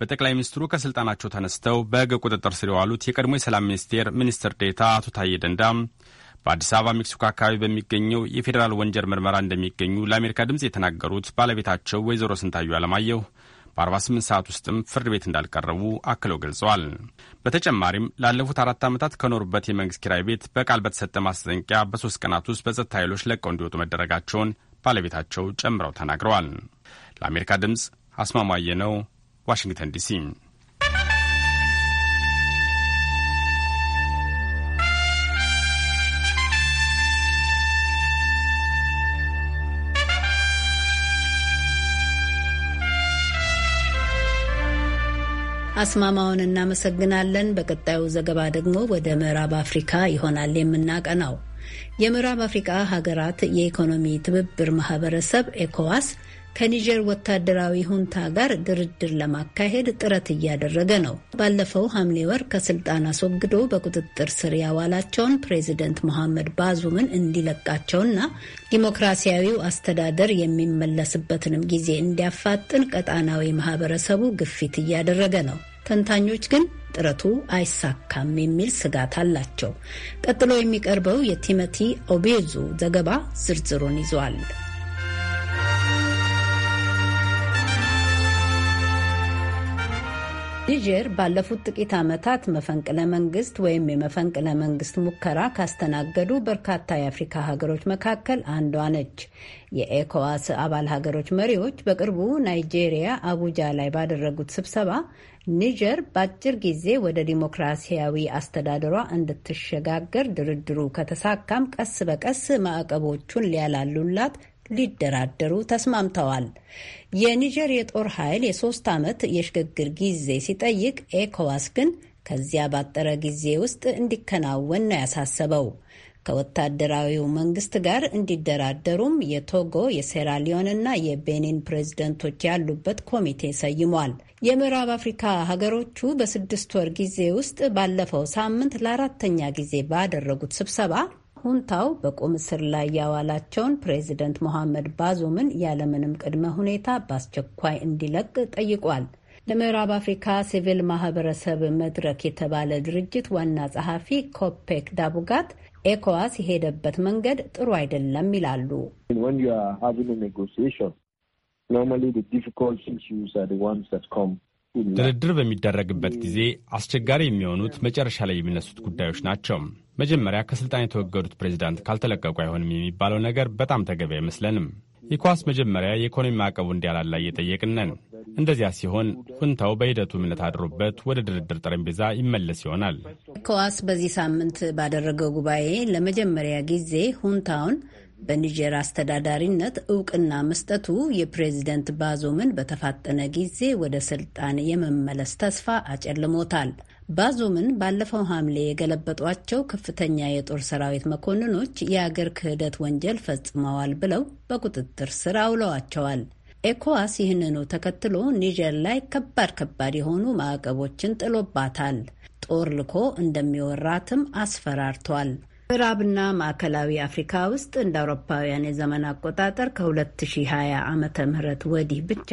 በጠቅላይ ሚኒስትሩ ከስልጣናቸው ተነስተው በህገ ቁጥጥር ስር የዋሉት የቀድሞ የሰላም ሚኒስቴር ሚኒስትር ዴታ አቶ ታዬ ደንዳ በአዲስ አበባ ሜክሲኮ አካባቢ በሚገኘው የፌዴራል ወንጀል ምርመራ እንደሚገኙ ለአሜሪካ ድምፅ የተናገሩት ባለቤታቸው ወይዘሮ ስንታዩ አለማየሁ በ48 ሰዓት ውስጥም ፍርድ ቤት እንዳልቀረቡ አክለው ገልጸዋል። በተጨማሪም ላለፉት አራት ዓመታት ከኖሩበት የመንግሥት ኪራይ ቤት በቃል በተሰጠ ማስጠንቂያ በሶስት ቀናት ውስጥ በጸጥታ ኃይሎች ለቀው እንዲወጡ መደረጋቸውን ባለቤታቸው ጨምረው ተናግረዋል። ለአሜሪካ ድምፅ አስማማየ ነው፣ ዋሽንግተን ዲሲ አስማማውን እናመሰግናለን። በቀጣዩ ዘገባ ደግሞ ወደ ምዕራብ አፍሪካ ይሆናል የምናቀናው። የምዕራብ አፍሪካ ሀገራት የኢኮኖሚ ትብብር ማህበረሰብ ኤኮዋስ ከኒጀር ወታደራዊ ሁንታ ጋር ድርድር ለማካሄድ ጥረት እያደረገ ነው። ባለፈው ሐምሌ ወር ከስልጣን አስወግዶ በቁጥጥር ስር ያዋላቸውን ፕሬዚደንት መሐመድ ባዙምን እንዲለቃቸውና ዲሞክራሲያዊው አስተዳደር የሚመለስበትንም ጊዜ እንዲያፋጥን ቀጣናዊ ማህበረሰቡ ግፊት እያደረገ ነው። ተንታኞች ግን ጥረቱ አይሳካም የሚል ስጋት አላቸው። ቀጥሎ የሚቀርበው የቲሞቲ ኦቤዙ ዘገባ ዝርዝሩን ይዟል። ኒጀር ባለፉት ጥቂት ዓመታት መፈንቅለ መንግስት ወይም የመፈንቅለ መንግስት ሙከራ ካስተናገዱ በርካታ የአፍሪካ ሀገሮች መካከል አንዷ ነች። የኤኮዋስ አባል ሀገሮች መሪዎች በቅርቡ ናይጄሪያ አቡጃ ላይ ባደረጉት ስብሰባ ኒጀር በአጭር ጊዜ ወደ ዲሞክራሲያዊ አስተዳደሯ እንድትሸጋገር ድርድሩ ከተሳካም ቀስ በቀስ ማዕቀቦቹን ሊያላሉላት ሊደራደሩ ተስማምተዋል። የኒጀር የጦር ኃይል የሶስት ዓመት የሽግግር ጊዜ ሲጠይቅ ኤኮዋስ ግን ከዚያ ባጠረ ጊዜ ውስጥ እንዲከናወን ነው ያሳሰበው። ከወታደራዊው መንግስት ጋር እንዲደራደሩም የቶጎ የሴራሊዮንና የቤኒን ፕሬዝደንቶች ያሉበት ኮሚቴ ሰይሟል። የምዕራብ አፍሪካ ሀገሮቹ በስድስት ወር ጊዜ ውስጥ ባለፈው ሳምንት ለአራተኛ ጊዜ ባደረጉት ስብሰባ ሁንታው በቁም እስር ላይ ያዋላቸውን ፕሬዚደንት ሞሐመድ ባዙምን ያለምንም ቅድመ ሁኔታ በአስቸኳይ እንዲለቅ ጠይቋል። ለምዕራብ አፍሪካ ሲቪል ማህበረሰብ መድረክ የተባለ ድርጅት ዋና ጸሐፊ ኮፔክ ዳቡጋት ኤኮዋስ የሄደበት መንገድ ጥሩ አይደለም ይላሉ። ድርድር በሚደረግበት ጊዜ አስቸጋሪ የሚሆኑት መጨረሻ ላይ የሚነሱት ጉዳዮች ናቸው። መጀመሪያ ከስልጣን የተወገዱት ፕሬዚዳንት ካልተለቀቁ አይሆንም የሚባለው ነገር በጣም ተገቢ አይመስለንም። ኢኳስ መጀመሪያ የኢኮኖሚ ማዕቀቡ እንዲያላላ እየጠየቅን ነን። እንደዚያ ሲሆን ሁንታው በሂደቱ እምነት አድሮበት ወደ ድርድር ጠረጴዛ ይመለስ ይሆናል። ኢኮዋስ በዚህ ሳምንት ባደረገው ጉባኤ ለመጀመሪያ ጊዜ ሁንታውን በኒጀር አስተዳዳሪነት እውቅና መስጠቱ የፕሬዚደንት ባዞምን በተፋጠነ ጊዜ ወደ ስልጣን የመመለስ ተስፋ አጨልሞታል። ባዙምን ባለፈው ሐምሌ የገለበጧቸው ከፍተኛ የጦር ሰራዊት መኮንኖች የአገር ክህደት ወንጀል ፈጽመዋል ብለው በቁጥጥር ስር አውለዋቸዋል። ኤኮዋስ ይህንኑ ተከትሎ ኒጀር ላይ ከባድ ከባድ የሆኑ ማዕቀቦችን ጥሎባታል። ጦር ልኮ እንደሚወራትም አስፈራርቷል። ምዕራብና ማዕከላዊ አፍሪካ ውስጥ እንደ አውሮፓውያን የዘመን አቆጣጠር ከ2020 ዓ ም ወዲህ ብቻ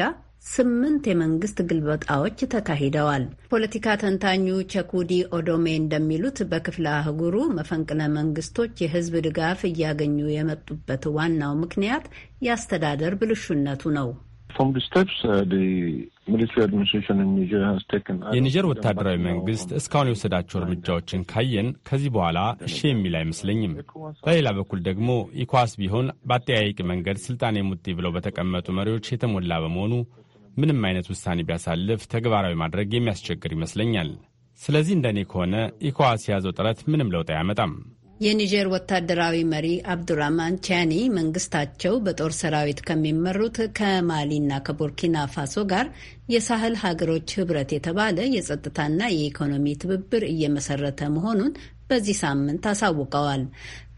ስምንት የመንግስት ግልበጣዎች ተካሂደዋል። ፖለቲካ ተንታኙ ቸኩዲ ኦዶሜ እንደሚሉት በክፍለ አህጉሩ መፈንቅለ መንግስቶች የህዝብ ድጋፍ እያገኙ የመጡበት ዋናው ምክንያት የአስተዳደር ብልሹነቱ ነው። uh, uh, የኒጀር ወታደራዊ መንግስት እስካሁን የወሰዳቸው እርምጃዎችን ካየን ከዚህ በኋላ እሺ የሚል አይመስለኝም። በሌላ በኩል ደግሞ ኢኳስ ቢሆን በአጠያያቂ መንገድ ስልጣን የሙጥኝ ብለው በተቀመጡ መሪዎች የተሞላ በመሆኑ ምንም አይነት ውሳኔ ቢያሳልፍ ተግባራዊ ማድረግ የሚያስቸግር ይመስለኛል። ስለዚህ እንደ እኔ ከሆነ ኢኮዋስ የያዘው ጥረት ምንም ለውጥ አያመጣም። የኒጀር ወታደራዊ መሪ አብዱራማን ቻኒ መንግስታቸው በጦር ሰራዊት ከሚመሩት ከማሊና ከቡርኪና ፋሶ ጋር የሳህል ሀገሮች ህብረት የተባለ የጸጥታና የኢኮኖሚ ትብብር እየመሰረተ መሆኑን በዚህ ሳምንት አሳውቀዋል።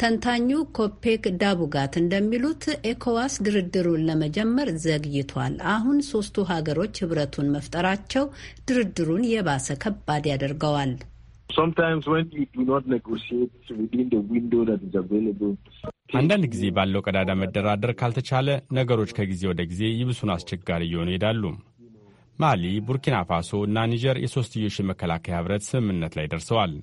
ተንታኙ ኮፔክ ዳቡጋት እንደሚሉት ኤኮዋስ ድርድሩን ለመጀመር ዘግይቷል። አሁን ሶስቱ ሀገሮች ህብረቱን መፍጠራቸው ድርድሩን የባሰ ከባድ ያደርገዋል። አንዳንድ ጊዜ ባለው ቀዳዳ መደራደር ካልተቻለ ነገሮች ከጊዜ ወደ ጊዜ ይብሱን አስቸጋሪ እየሆኑ ይሄዳሉ። ማሊ፣ ቡርኪና ፋሶ እና ኒጀር የሶስትዮሽ የመከላከያ ህብረት ስምምነት ላይ ደርሰዋል።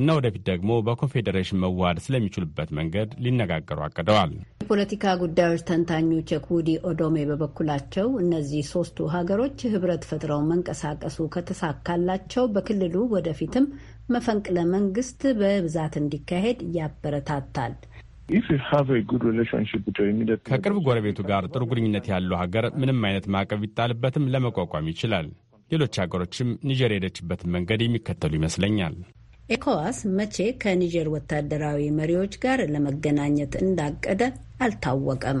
እና ወደፊት ደግሞ በኮንፌዴሬሽን መዋሃድ ስለሚችሉበት መንገድ ሊነጋገሩ አቅደዋል። የፖለቲካ ጉዳዮች ተንታኙ ቼኩዲ ኦዶሜ በበኩላቸው እነዚህ ሶስቱ ሀገሮች ህብረት ፈጥረው መንቀሳቀሱ ከተሳካላቸው በክልሉ ወደፊትም መፈንቅለ መንግስት በብዛት እንዲካሄድ ያበረታታል። ከቅርብ ጎረቤቱ ጋር ጥሩ ግንኙነት ያለው ሀገር ምንም አይነት ማዕቀብ ቢጣልበትም ለመቋቋም ይችላል። ሌሎች ሀገሮችም ኒጀር የሄደችበትን መንገድ የሚከተሉ ይመስለኛል። ኤኮዋስ መቼ ከኒጀር ወታደራዊ መሪዎች ጋር ለመገናኘት እንዳቀደ አልታወቀም።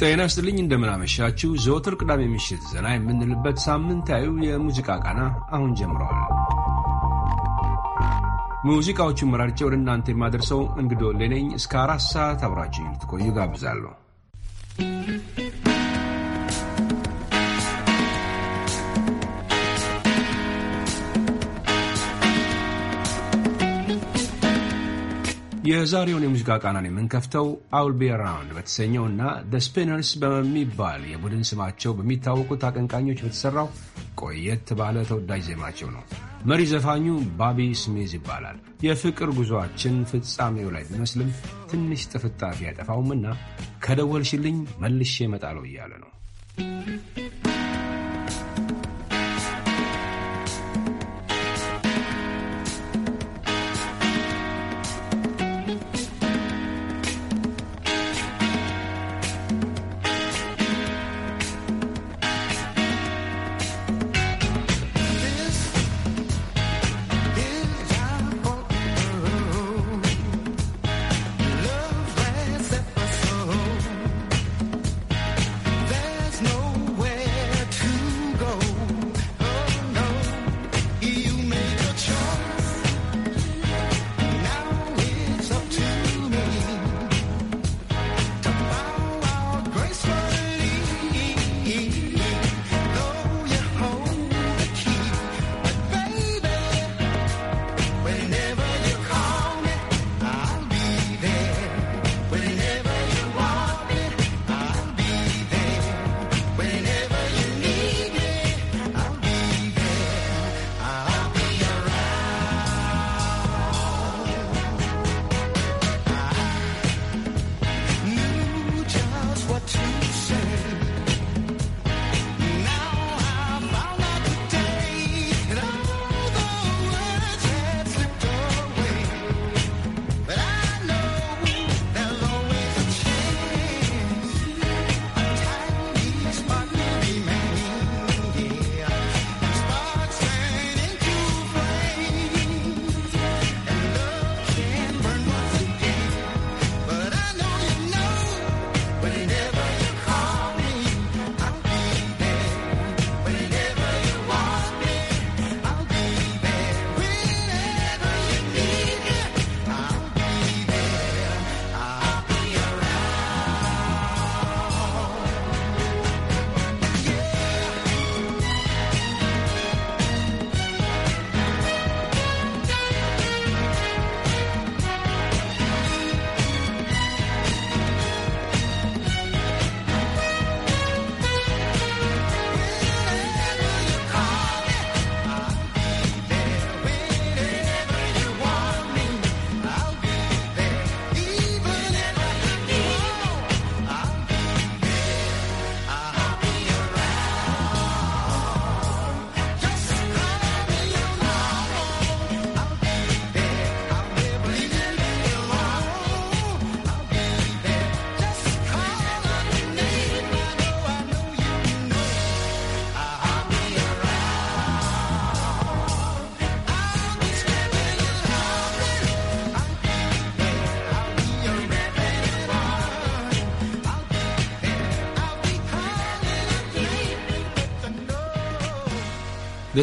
ጤና ይስጥልኝ እንደምናመሻችሁ። ዘወትር ቅዳሜ ምሽት ዘና የምንልበት ያዩ የሙዚቃ ቃና አሁን ጀምረዋል። ሙዚቃዎቹን መራርጬ ወደ እናንተ የማደርሰው እንግዶ ሌነኝ። እስከ አራት ሰዓት አብራችሁ ልትቆዩ ጋብዛለሁ። የዛሬውን የሙዚቃ ቃናን የምንከፍተው አውል ቢ አራውንድ በተሰኘው እና ደ ስፒነርስ በሚባል የቡድን ስማቸው በሚታወቁት አቀንቃኞች በተሠራው ቆየት ባለ ተወዳጅ ዜማቸው ነው። መሪ ዘፋኙ ባቢ ስሜዝ ይባላል። የፍቅር ጉዞአችን ፍጻሜው ላይ ቢመስልም ትንሽ ጥፍጣፊ ያጠፋውምና ከደወልሽልኝ መልሼ እመጣለሁ እያለ ነው።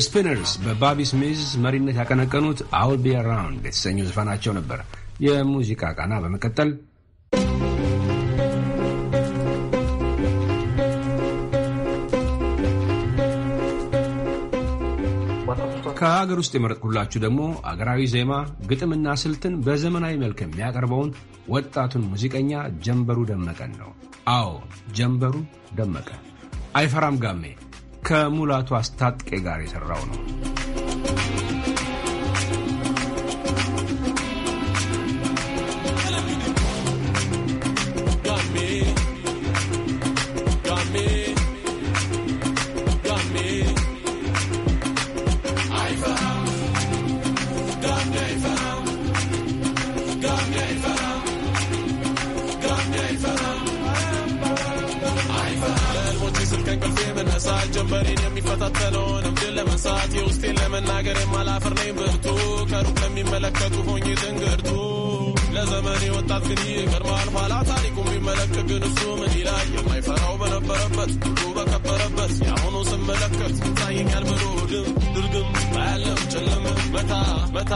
ስፒነርስ በባቢ ስሚዝ መሪነት ያቀነቀኑት አውል ቢ አራውንድ የተሰኙ ዘፈናቸው ነበር። የሙዚቃ ቃና በመቀጠል ከሀገር ውስጥ የመረጥኩላችሁ ደግሞ አገራዊ ዜማ ግጥምና ስልትን በዘመናዊ መልክ የሚያቀርበውን ወጣቱን ሙዚቀኛ ጀንበሩ ደመቀን ነው። አዎ ጀንበሩ ደመቀ አይፈራም ጋሜ ከሙላቱ አስታጥቄ ጋር የሰራው ነው። የሚከታተለውንም ድል ለመንሳት የውስጤን ለመናገር የማላፈር ነኝ ብርቱ ከሩቅ ለሚመለከቱ ሆኜ ድንግርቱ ለዘመኔ ወጣት ግን ይቀድማል ኋላ ታሪኩን ቢመለከት ግን እሱ ምን ይላል የማይፈራው በነበረበት ሁሉ በከበረበት የአሁኑ ስመለከት ታየኛል ብሎ ድም ድርግም ባያለም ጭልም መታ መታ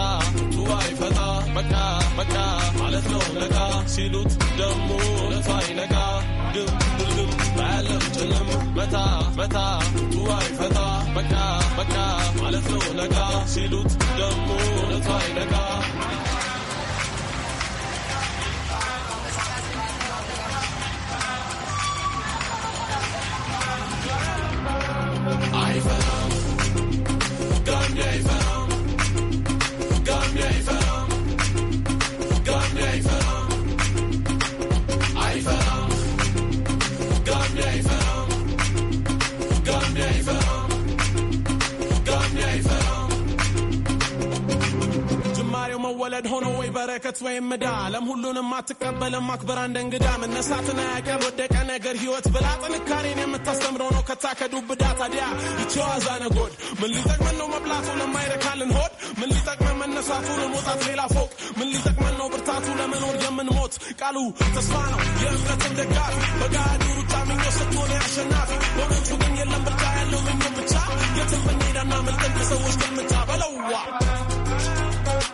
ቱባይ ፈታ በቃ በቃ ማለት ነው ለቃ ሲሉት ደግሞ ለቷ ይነቃ ሆኖ ወይ በረከት ወይም ምዳ ዓለም ሁሉንም አትቀበልም ማክበር እንደ እንግዳ መነሳትን አያቀል ወደቀ ነገር ህይወት ብላ ጥንካሬን የምታስተምረው ነው ከታከዱ ብዳ ታዲያ ይቸዋዛ ነጎድ ምን ሊጠቅመን ነው መብላቱ ለማይረካልን ሆድ ምን ሊጠቅመን መነሳቱ ለመውጣት ሌላ ፎቅ ምን ሊጠቅመን ነው ብርታቱ ለመኖር የምንሞት ቃሉ ተስፋ ነው የእምነትን ደጋፊ በጋዱ ሩጫ ምኞ ስትሆን ያሸናፊ በእውነቱ ግን የለም ብርታ ያለው ምኞ ብቻ የትም ብንሄዳና ምልጥን ከሰዎች ከምታ በለዋ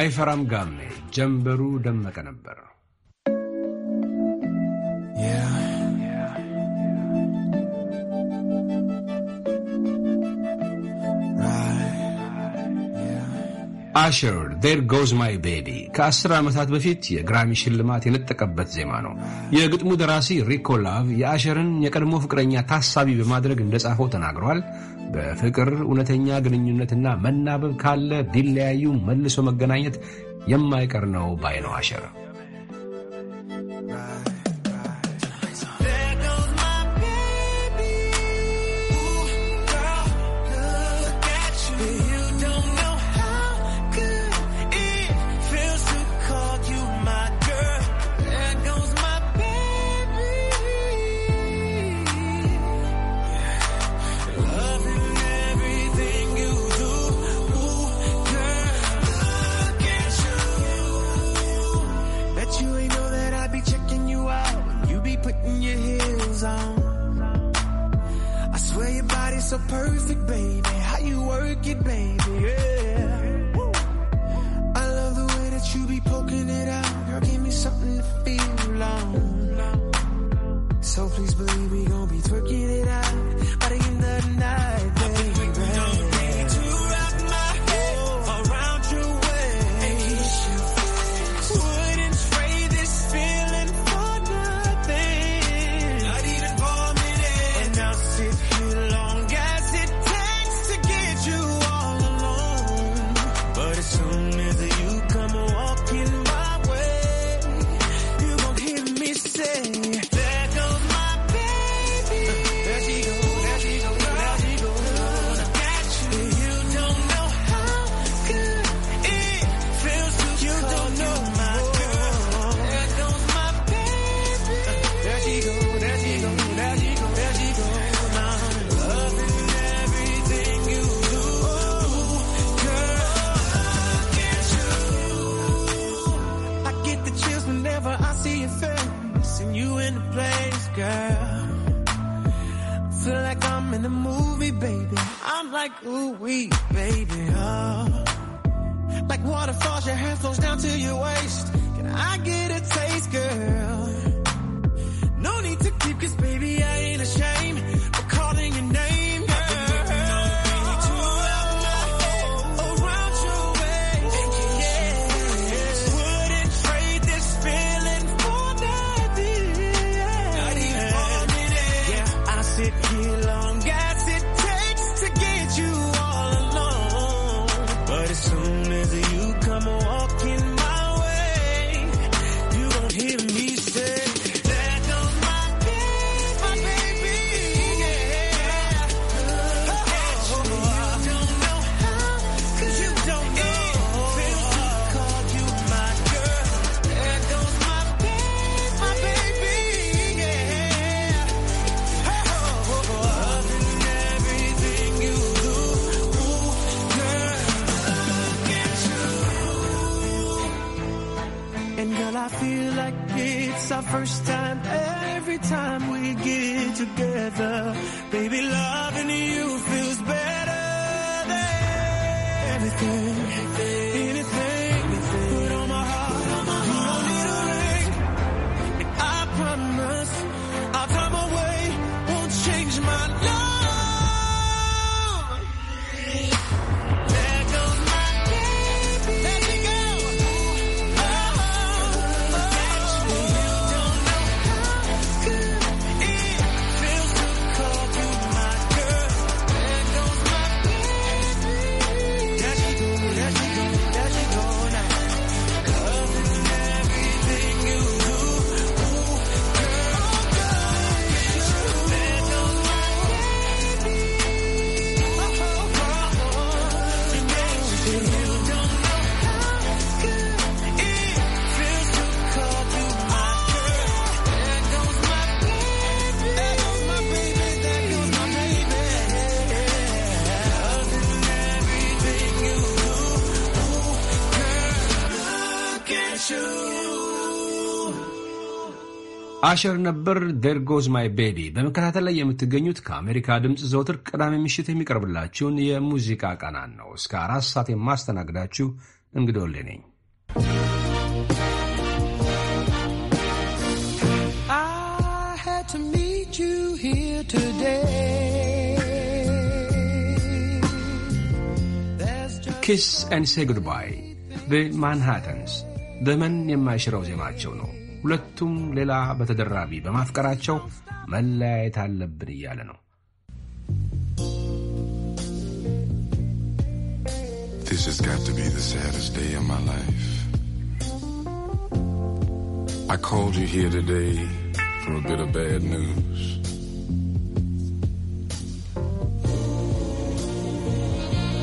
አይፈራም ጋሜ ጀንበሩ ደመቀ ነበር። አሸር ዴር ጎዝ ማይ ቤቢ ከአስር ዓመታት በፊት የግራሚ ሽልማት የነጠቀበት ዜማ ነው። የግጥሙ ደራሲ ሪኮ ላቭ የአሸርን የቀድሞ ፍቅረኛ ታሳቢ በማድረግ እንደጻፈው ተናግሯል። በፍቅር እውነተኛ ግንኙነትና መናበብ ካለ ቢለያዩ መልሶ መገናኘት የማይቀር ነው ባይ ነው አሸር ነበር ዴር ጎዝ ማይ ቤቢ። በመከታተል ላይ የምትገኙት ከአሜሪካ ድምፅ ዘውትር ቅዳሜ ምሽት የሚቀርብላችሁን የሙዚቃ ቀናን ነው። እስከ አራት ሰዓት የማስተናግዳችሁ እንግዶልኔ ነኝ። ኪስ ኤንድ ሴ ጉድባይ በማንሃተንስ ደመን የማይሽረው ዜማቸው ነው። ሁለቱም ሌላ በተደራቢ በማፍቀራቸው መለያየት አለብን እያለ ነው። This has got to be the saddest day of my life. I called you here today for a bit of bad news.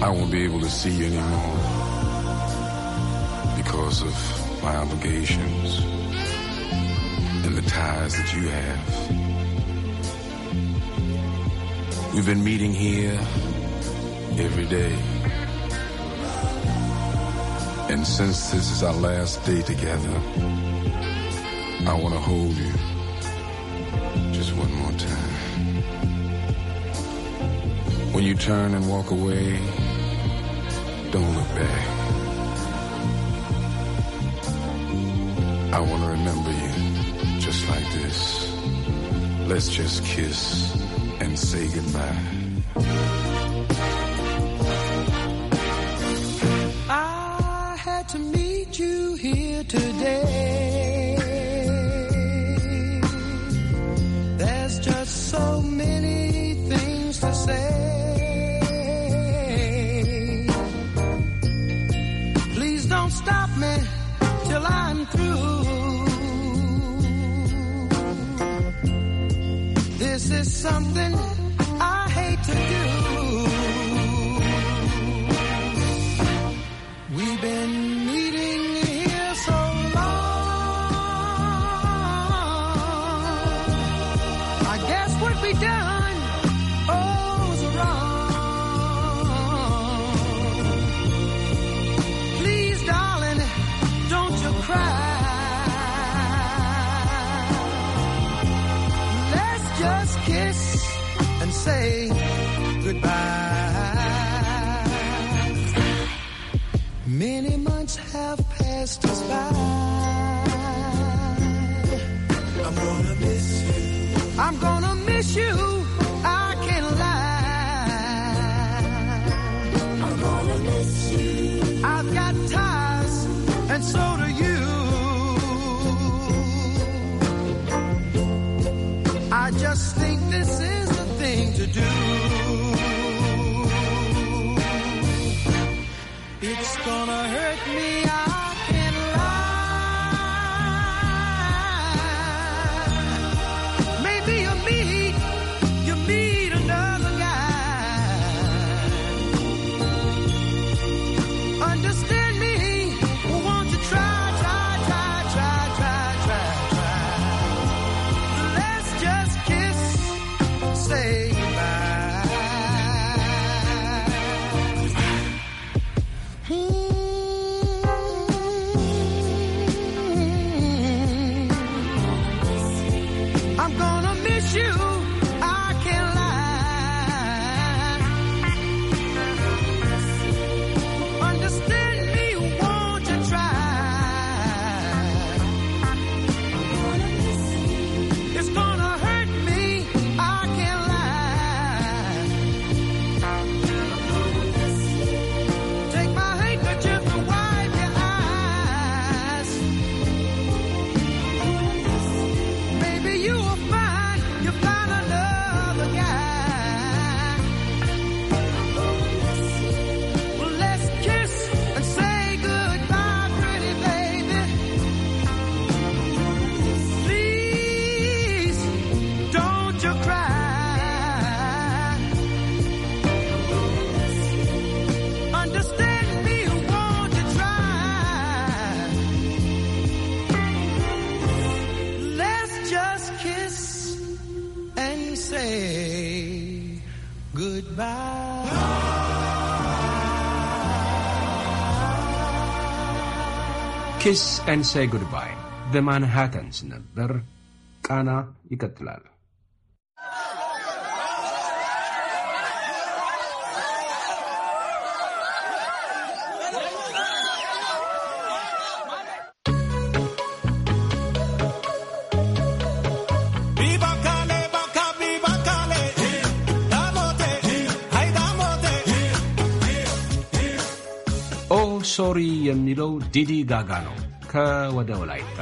I won't be able to see you anymore because of my obligations and the ties that you have. We've been meeting here every day. And since this is our last day together, I want to hold you just one more time. When you turn and walk away, don't look back. I want to remember you just like this. Let's just kiss and say goodbye. I had to meet you here today. There's just so many things to say. something I hate to do. this is the thing to do. It's gonna hurt me. ኪስ ኤንድ ሴይ ጉድባይ ዘ ማንሃተንስ ነበር። ቃና ይቀጥላል። ሶሪ የሚለው ዲዲ ጋጋ ነው ከወደ ወላይታ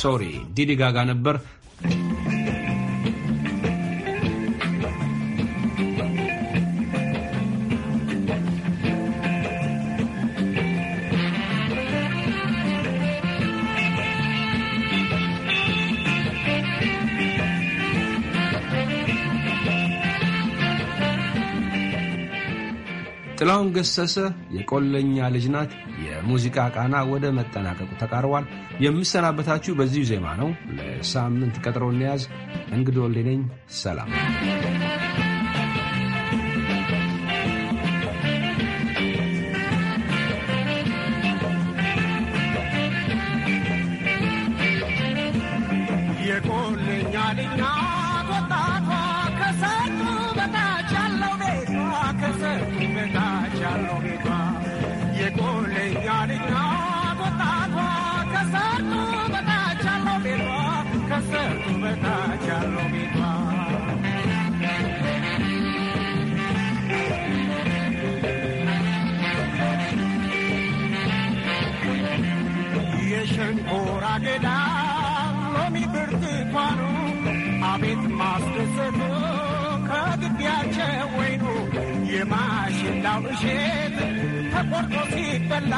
ሶሪ ዲዲ ጋጋ ነበር። ጥላውን ገሰሰ የቆለኛ ልጅ ናት። የሙዚቃ ቃና ወደ መጠናቀቁ ተቃርቧል። የምሰናበታችሁ በዚሁ ዜማ ነው። ለሳምንት ቀጥሮ እንያዝ። እንግዶ ሌነኝ ሰላም ብስኩት ተቆርጦ ሲበላ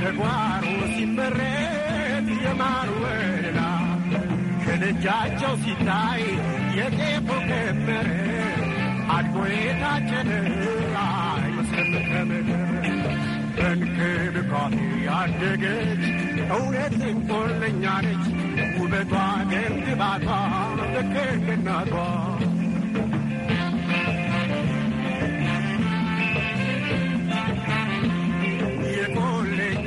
ከጓሮ ሲመረት የማር ወለላ ከደጃቸው ሲታይ የጤፉ ከመረ አድጎ የታጨለ አይመስልም በእንክብካቤ ያደገች እውነት ቆለኛ ነች ውበቷ ገንግባቷ ልክ እናቷ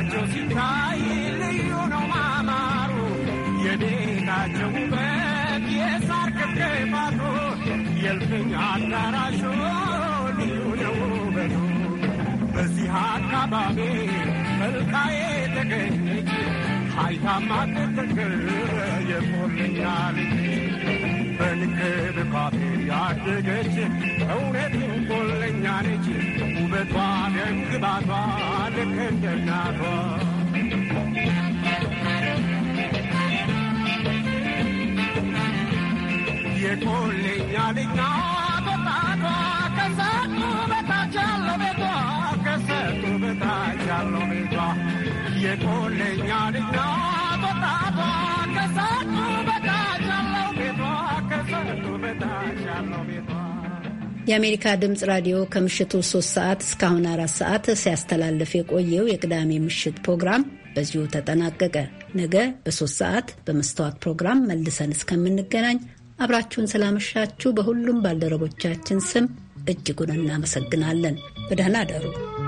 ፊታቸው ሲታይ ልዩ ነው ማማሩ የቤታቸው ውበት የሳር ክፍሉ የእልፍኝ አዳራሹ ልዩ ነው ውበቱ በዚህ አካባቢ መልካዬ ተገኘች ሀይታማ ትትክል የቆልኛ ልጅ በንክብ ያደገች እውነትም ቆለኛ ነች። ውበቷ ደንግባቷ ልክ እንደ እናቷ የቆለኛ ልጅ የቆለኛ ልጅ ወጣቷ ከሰጡ በታች የአሜሪካ ድምፅ ራዲዮ ከምሽቱ 3 ሰዓት እስካሁን አራት ሰዓት ሲያስተላልፍ የቆየው የቅዳሜ ምሽት ፕሮግራም በዚሁ ተጠናቀቀ። ነገ በሶስት ሰዓት በመስተዋት ፕሮግራም መልሰን እስከምንገናኝ አብራችሁን ስላመሻችሁ በሁሉም ባልደረቦቻችን ስም እጅጉን እናመሰግናለን። በደህና አደሩ።